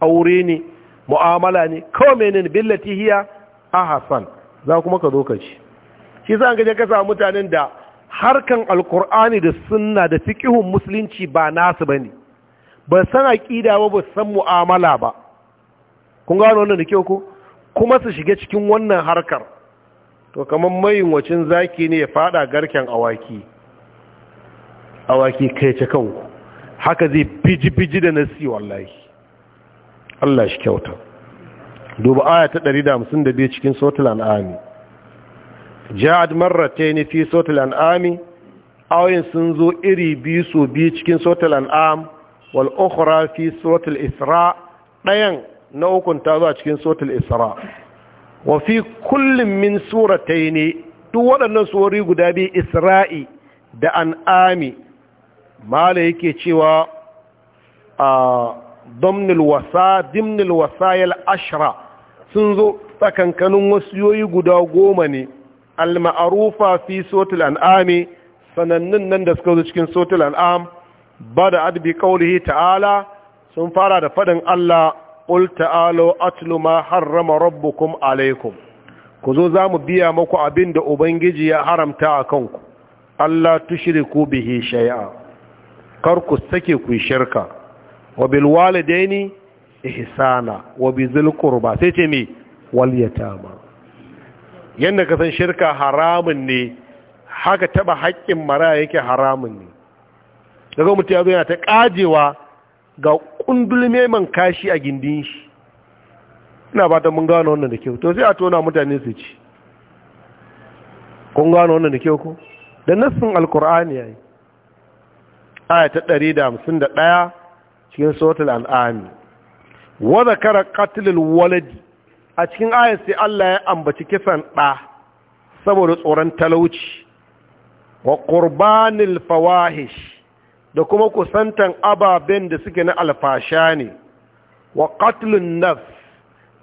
aure ne mu'amala ne kawai menene billati hiya ahsan za kuma ka zo ka ci shi sa an gaje ka samu mutanen da harkan alkur'ani da sunna da fiqihun musulunci ba nasu bane ba san aqida ba ba san mu'amala ba kun gano wannan da kyau ko kuma su shiga cikin wannan harkar to kamar mai wacin zaki ne ya fada garken awaki awaki kai ce kanku haka zai biji-biji da nasi wallahi Allah shi kyautar. duba aya ta 152 cikin suratul an'am ja'at marratayn fi suratul an'am ayoyin sun zo iri biyu su biyu cikin suratul an'am wal ukhra fi suratul isra dayan na ukun ta zo cikin suratul isra wa fi kullum min suratayn duk waɗannan surori guda biyu isra'i da an'ami mala yake cewa a damnil wasa wasa wasayil ashra sun zo tsakankanin yoyi guda goma ne al-ma'arufa fi sotil an'ami sanannun nan da suka zo cikin sotil an'am ba da adabi kawulihi ta'ala sun fara da faɗin Allah UlTa'ala ta'alu atlu ma harrama rabbukum alaikum ku zo za mu biya maku abin da ubangiji ya haramta a kanku Allah ku bihi shay'a kar ku sake ku shirka wa bil walidaini ihsana wa bizil qurba sai ce me wal yatama yanda ka san shirka haramun ne haka taba haƙƙin maraya yake haramun ne daga mutum ya zo yana ta kajewa ga kundulme man kashi a gindin shi ina ba ta mun gano wannan da kyau to sai a tona mutane su ci kun gano wannan da kyau ko da nassin alqur'ani yayi aya ta 151 cikin suratul an'am wa kara katilin waladi a cikin ayat sai Allah ya ambaci kisan ɗa saboda tsoron talauci wa qurbanil fawahish da kuma kusantan ababen da suke na alfasha ne wa qatlun naf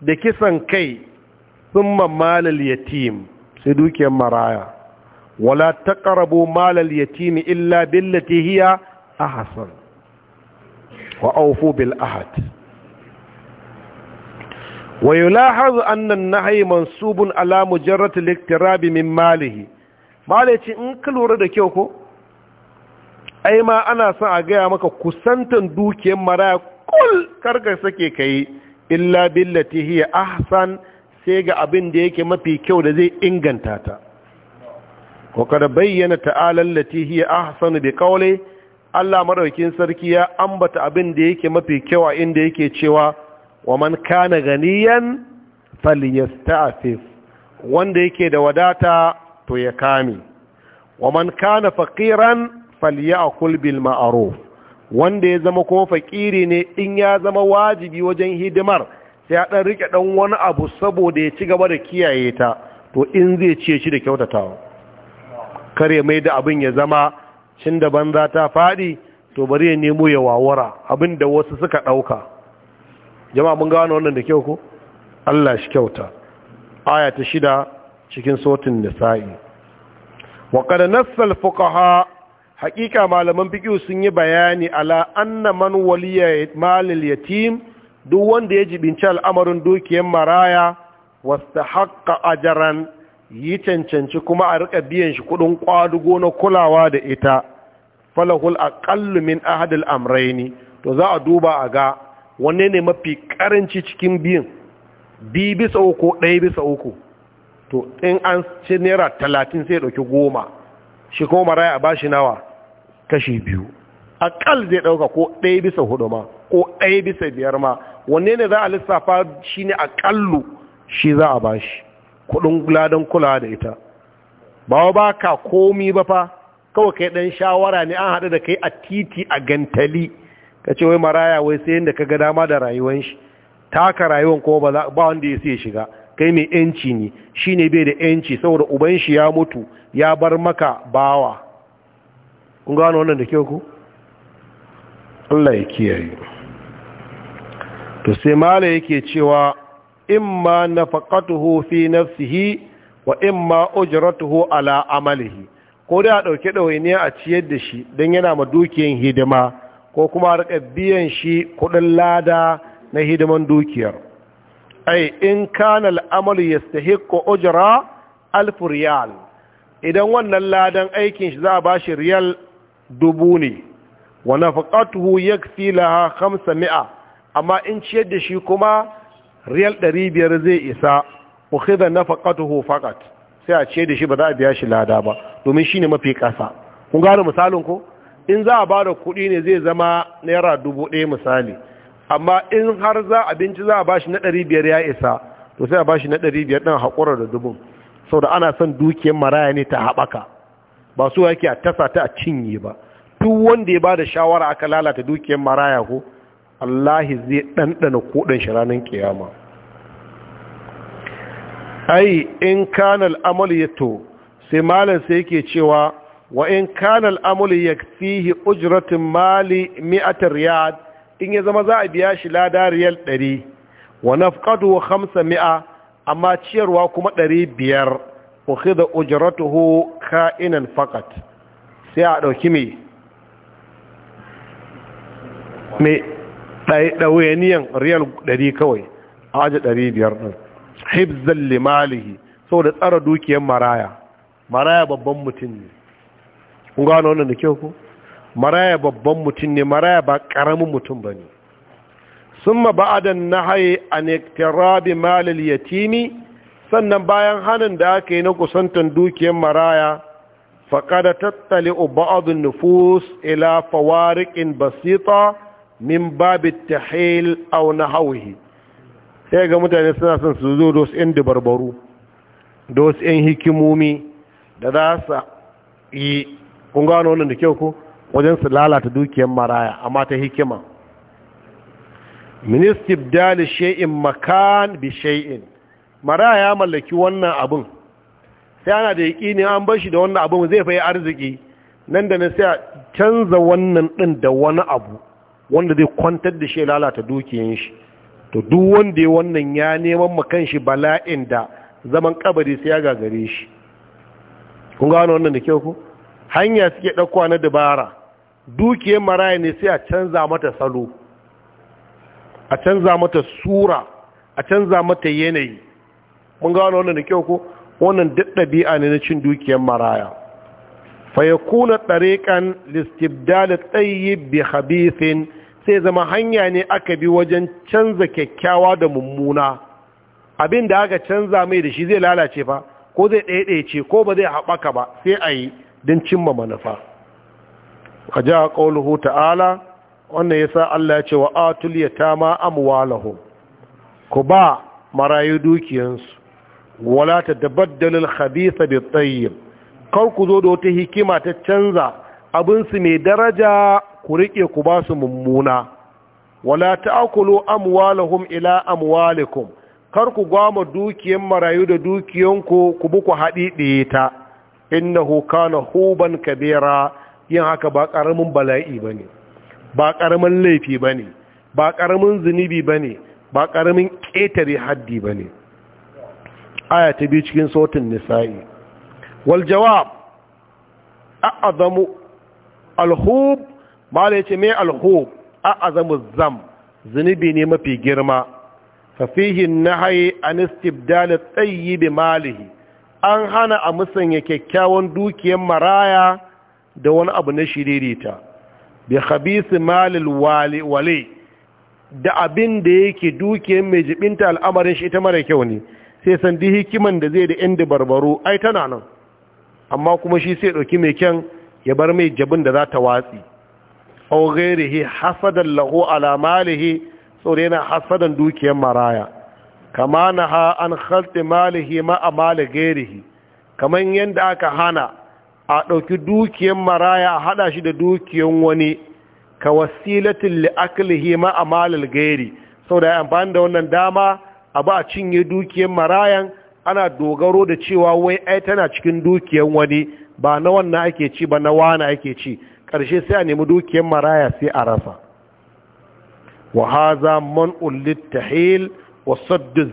da kisan kai thumma malal yatim sai dukiyar maraya wala taqrabu malal yatim illa billati hiya ahsan wa awfu bil ahad wa yulahazu annan nahyi mansubun ala mujarrati liktirabi min malihi malaci in ka lura da kyau ko ai ma ana son a gaya maka kusantan dukiyar maraya kul karka sake kai illa billati hiya ahsan sai ga abin da yake mafi kyau da zai inganta ta wa kada bayyana ta'alan allati hiya ahsanu bi qawli Allah maraukin sarki ya ambata abin da yake mafi kyau a inda yake cewa wa man kana ganiyan falyasta'fif wanda yake da wadata to ya kame wa man kana faqiran falyakul bil ma'ruf wanda ya zama kuma fakiri ne in ya zama wajibi wajen hidimar sai ya dan rike dan wani abu saboda ya ci gaba da kiyaye ta to in zai ciye shi da kyautatawa kare mai da abin ya zama cin da banza ta fadi to bari ya nemo ya wawara abin da wasu suka dauka jama'a mun gano wannan da kyau ko Allah shi kyauta aya ta shida cikin sotin nisa'i wa qad nassal fuqaha haqiqa malaman fiqh sun yi bayani ala anna man waliya malil yatim duk wanda ya jibinci al'amarin dukiyar maraya wastahaqqa ajran yi cancanci kuma a rika biyan shi kudin kwadugo na kulawa da ita falahul aqallu min ahadil amrayni to za a duba a ga wanne ne mafi karanci cikin biyun bi bisa uku ɗaya bisa uku to in an ce naira talatin sai ɗauki goma shi kuma maraya a bashi nawa kashi biyu akal zai ɗauka ko ɗaya bisa hudu ma ko ɗaya bisa biyar ma wanne ne za a lissafa shi ne akallu shi za a bashi kuɗin ladan kula da ita ba ba ka komi ba fa kawai kai ɗan shawara ne an haɗu da kai a titi a gantali ka ce wai maraya wai sai yadda ka ga dama da rayuwan shi taka rayuwan kuma ba wanda ya sai shiga kai mai yanci ne shi ne bai da yanci saboda uban shi ya mutu ya bar maka bawa kun gano wannan da kyau ku Allah ya kiyaye to sai mala yake cewa imma nafaqatuhu fi nafsihi wa imma ujratuhu ala amalihi ko da a ɗauke dauke dawainiya a ciyar da shi dan yana ma dukiyan hidima ko kuma rika biyan shi kudin lada na hidiman dukiyar ai in kana al'amalu yastahiqqu ujra alf riyal idan wannan ladan aikin shi za a bashi riyal dubu ne wa nafaqatuhu yakfi laha 500 amma in ciyar da shi kuma riyal 500 zai isa ukhidha nafaqatuhu faqat sai a ciyar da shi ba za a biya shi lada ba domin shine mafi kasa kun gane misalin ko in za a ba da kuɗi ne zai zama naira dubu ɗaya misali amma in har za abinci za a ba shi na ɗari biyar ya isa to sai a ba shi na ɗari biyar ɗan haƙura da dubun sau da ana son dukiyar maraya ne ta haɓaka ba su yake a tasa ta a cinye ba duk wanda ya ba da shawara aka lalata dukiyar maraya ko Allahi zai ɗanɗana kuɗin shi ranar kiyama ai in kanal amal yato sai malam sai yake cewa wa in amal al'amul yakfihi ujratun mali mi'atar riyad in ya zama za a biya shi lada riyal ɗari wa nafqatu khamsa mi'a amma ciyarwa kuma ɗari biyar ukhidha ujratuhu ka'inan faqat sai a ɗauki me me riyal ɗari kawai a aji ɗari biyar ɗin hibzan limalihi saboda tsara dukiyar maraya maraya babban mutum ne kun gano wannan da kyau ku maraya babban mutum ne maraya ba ƙaramin mutum ba ne sun ma ba'adan na haye a nektarabi malil yatimi sannan bayan hannun da aka yi na kusantan dukiyar maraya faƙada tattali ba'adun nufus ila fawarikin basita min babit tahil au na hauhi sai ga mutane suna son su zo da wasu hikimomi da za su yi kun gano wannan da kyau ko wajen su lalata dukiyar maraya amma ta hikima ministif dali shay'in makan bi shay'in maraya ya mallaki wannan abun. sai ana da yaƙini an bar shi da wannan abun zai fayi arziki nan da na sai canza wannan din da wani abu wanda zai kwantar da shi lalata dukiyar shi to duk wanda ya wannan ya neman makan shi bala'in da zaman kabari sai ya gagare shi kun gano wannan da kyau ko. hanya suke ɗaukowa na dabara dukiyar maraya ne sai a canza mata salo a canza mata sura a canza mata yanayi mun gano wannan da kyau ko wannan duk ne na cin dukiyar maraya fayakuna ɗarekan listibdalin tsayi bi habisin sai zama hanya ne aka bi wajen canza kyakkyawa da mummuna abin da aka canza mai da shi zai lalace ba ko zai ɗaiɗaice ko ba zai haɓaka ba sai a yi din cimma manufa a ji a ƙaunuhu ta'ala wannan ya sa Allah ce wa atul ya ta ma amwalahu ku ba marayu dukiyansu wala ta dabaddalin habisa bi tsayin kar ku zo da wata hikima ta canza su mai daraja ku riƙe ku ba su mummuna wala ta akulu amwalahum ila amwalikum kar ku gwama dukiyan marayu da dukiyanku ku bi ku haɗi ɗaya ta innahu kana huban kabira yin haka ba karamin bala'i bane ba karamin laifi bane ba karamin zunubi bane ba karamin ketare haddi bane aya ta biyu cikin sautin nisa'i wal jawab a'azamu alhub ba da yace me alhub a'azamu zam zunubi ne mafi girma fa fihi nahyi an istibdal at-tayyib malihi an hana a musanya kyakkyawan dukiyar maraya da wani abu na shiririta bi khabisi malil wale da abin da yake dukiyar mai jibinta al'amarin shi ta mara kyau ne sai san hikiman da zai da inda barbaro ai tana nan amma kuma shi sai ɗauki mai kyan ya bar mai jabin da za ta watsi au ghairihi hasadan lahu ala malihi saboda yana hasadan dukiyar maraya kama na ha an khalti malihi a mali gairihi kamar yadda aka hana a ɗauki dukiyan maraya a haɗa shi da dukiyan wani ka wasilatin li'aklihi a malil gairi sau da amfani da wannan dama abu a cinye dukiyan marayan ana dogaro da cewa wai ai tana cikin dukiyan wani ba na wannan ake ci ba na wani ake ci ƙarshe sai a nemi dukiyan maraya sai a rasa wa haza man tahil wa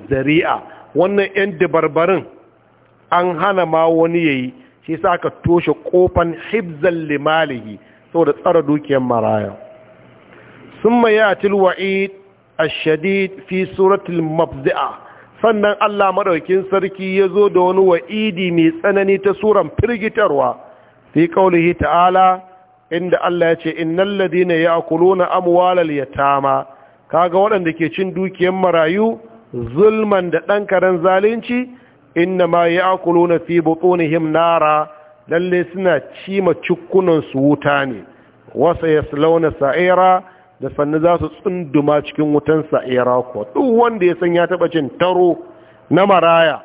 zari'a wannan yan dabarbarin an hana ma wani yayi shi sa aka toshe kofan hibzan limalihi saboda tsara dukiyar maraya summa a wa'id a shadid fi suratul mabzi'a sannan Allah madaukin sarki ya zo da wani wa'idi mai tsanani ta suran firgitarwa fi qaulihi ta'ala inda Allah ya ce innal ladina ya'kuluna amwalal yatama kaga waɗanda ke cin dukiyar marayu zulman da ɗan karen zalunci inna ma ya akulu na fi butunihim nara lalle suna cima su wuta ne wasa ya launa sa'ira da sannu za su tsunduma cikin wutan sa'ira kuwa duk wanda ya san ya taɓa cin taro na maraya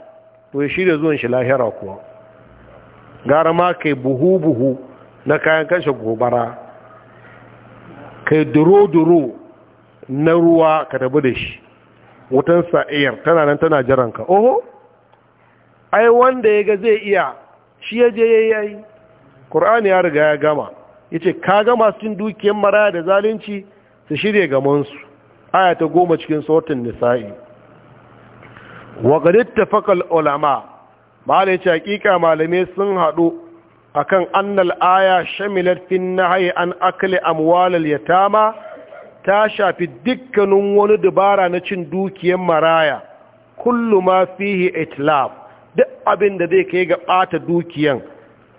to ya shirya zuwan shi lahira kuwa gara ma kai buhu-buhu na kayan kashe gobara kai duro-duro na ruwa ka tabi da shi wutan sa'iyar tana nan tana jiranka oho ai wanda ya ga zai iya shi ya je ya yi ƙur'ani ya riga ya gama ya ce ka gama sun dukiyar maraya da zalunci su shirya gamansu aya ta goma cikin sautin nisa'i wa Fakal tafakal ulama mala ya ce hakika malamai sun haɗu akan annal aya shamilar fin nahayi an akali amwalar yatama ta shafi dukkanin wani dubara na cin dukiyar maraya kullu ma fihi itlaf duk abin da zai kai ga bata dukiyan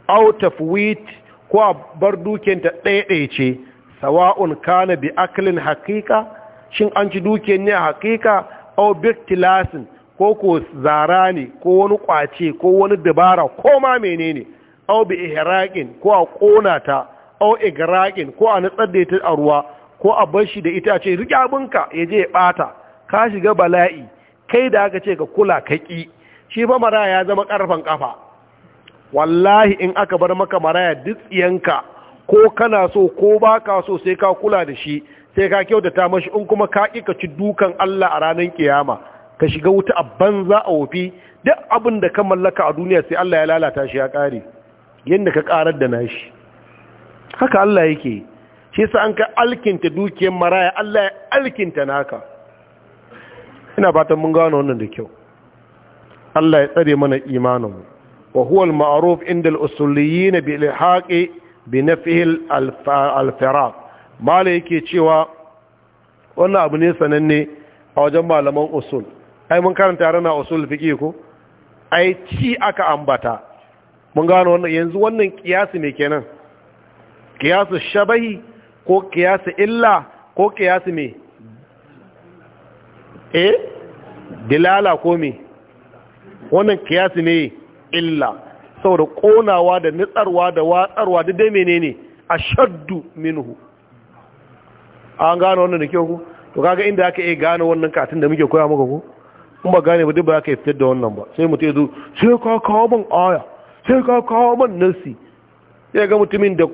out of wheat ko a bar dukiyanta ɗaiɗai ce sawa'un kana bi aklin hakika shin an ci dukiyan ne a hakika au biktilasin ko ko zara ne ko wani kwace ko wani dabara ko ma menene au bi ihraqin ko a ƙona ta au igraqin ko a nutsar da ta a ruwa ko a bar shi da ita ce riƙe abinka ya je ya ɓata ka shiga bala'i kai da aka ce ka kula ka ƙi shi fa maraya ya zama ƙarfan ƙafa wallahi in aka bar maka maraya duk yanka. ko kana so ko ba ka so sai ka kula da shi sai ka kyautata mashi in kuma ka ƙi ka ci dukan Allah a ranar kiyama ka shiga wuta a banza a wofi duk abin da ka mallaka a duniya sai Allah ya lalata shi ya ƙare yadda ka ƙarar da nashi haka Allah yake yi shi sa an ka alkinta dukiyar maraya Allah ya alkinta naka ina fatan mun gano wannan da kyau Allah ya tsare mana imaninmu wa huwa al-ma'ruf inda al-usuliyyin bi al-haqi bi nafhi al-firaq mala yake cewa wannan abu ne sananne a wajen malaman usul ai mun karanta rana usul fiqi ko ai ci aka ambata mun gano wannan yanzu wannan kiyasi ne kenan kiyasu shabahi ko kiyasi illa ko kiyasi me eh dilala ko me wannan kiyasi ne illa saboda konawa da nitsarwa da watsarwa da dai menene ashaddu minhu an gano wannan da kyau ku to kaga inda aka yi gano wannan katin da muke koya maka ku in ba gane ba duk ba ka fitar da wannan ba sai mutum ya zo sai ka kawo min aya sai ka kawo min nasi sai ga mutumin da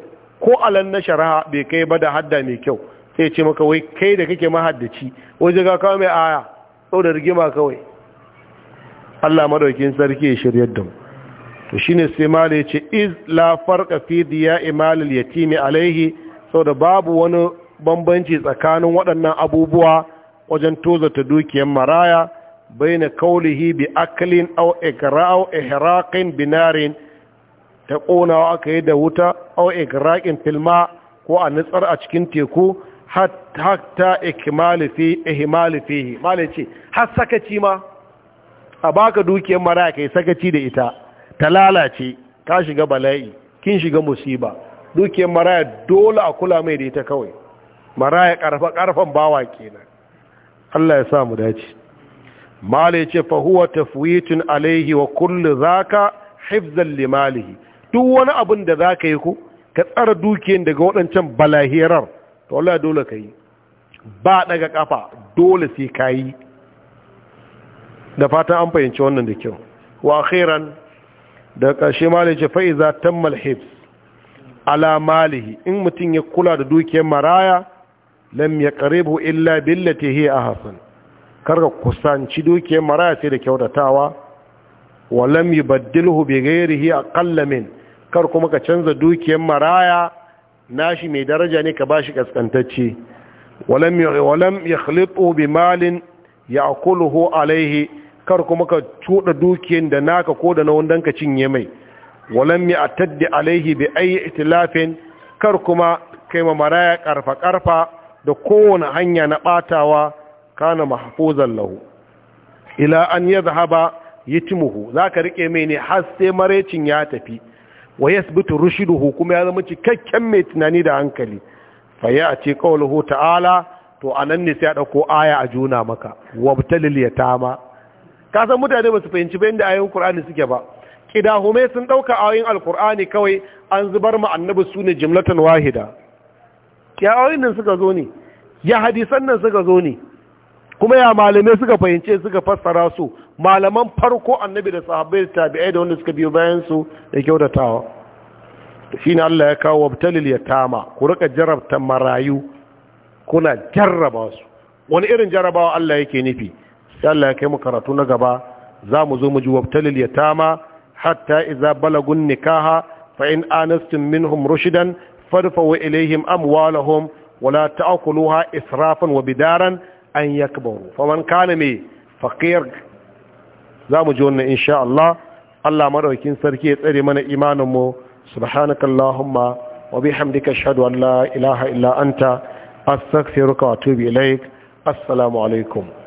ko alan na shari'a bai kai ba da hadda mai kyau sai ce maka wai kai da kake mahaddaci waje ga kawai mai aya sau da rigima kawai Allah madaukin sarki ya shiryar da mu to shine sai mala yace iz la farqa fi diya imalil yatimi alaihi da babu wani bambanci tsakanin waɗannan abubuwa wajen toza ta dukiyar maraya baina kaulihi bi aklin aw ikra'u binarin ta ƙonawa aka yi da wuta au igraƙin filma ko a nutsar a cikin teku hatta ikmali fi ihmali fihi malai ce har sakaci ma a baka dukiyar mara kai sakaci da ita ta lalace ka shiga bala'i kin shiga musiba dukiyar mara dole a kula mai da ita kawai mara karfa karfan bawa kenan Allah ya sa mu dace malai ce fa huwa tafwitun alaihi wa kullu zaka hifzan limalihi duk wani abin da za ka yi ko ka tsara dukiyan daga waɗancan balahirar to Allah dole ka yi ba daga kafa dole sai ka yi da fatan an fahimci wannan da kyau wa akhiran da ƙarshe malai ce fa'iza tammal hibs ala malihi in mutum ya kula da dukiyar maraya lam ya karibu illa billata hiya ahsan karka kusanci dukiyar maraya sai da kyautatawa wa lam yubaddilhu bi a aqalla min kar kuma ka canza dukiyar maraya nashi mai daraja ne ka bashi kaskantacce walam walam yakhlitu bi malin ya'kuluhu alaihi kar kuma ka tuda dukiyar da naka ko da na wandan ka cinye mai walam ya'taddi alaihi bi ayi itilafin kar kuma kai ma maraya karfa karfa da kowane hanya na batawa kana mahfuzan lahu ila an yadhhaba yitimuhu zaka rike mai ne har sai marecin ya tafi wa yasbutu rushduhu kuma ya zama cikakken mai tunani da hankali faya a ce qawluhu ta'ala to a nan ne sai a ɗauko aya a juna maka wabtalil tama. ka san mutane ba su fahimci ba inda ayoyin Qur'ani suke ba kidahume sun ɗauka ayoyin alƙur'ani kawai an zubar ma annabi sune jimlatan wahida ya ayoyin nan suka zo ne ya hadisan nan suka zo ne kuma ya malamai suka fahimce suka fassara su malaman farko annabi da sahabbai da tabi'ai da wanda suka biyo bayan su da kyautatawa shine Allah ya kawo wabtalil yatama ku rika jarabta marayu kuna jarraba su wani irin jarrabawa Allah yake nufi sai Allah ya kai mu karatu na gaba za mu zo mu ji wabtalil yatama hatta idza balagun nikaha fa in anastum minhum rushdan fadfa'u ilayhim amwalahum wala ta'kuluha israfan wa bidaran an yakbaru faman kana mi faqir za mu ji wannan insha Allah Allah maraukin sarki ya tsare mana imanin mu subhanakallahumma wa bihamdika ashhadu an la ilaha illa anta astaghfiruka wa atubu ilaik assalamu alaikum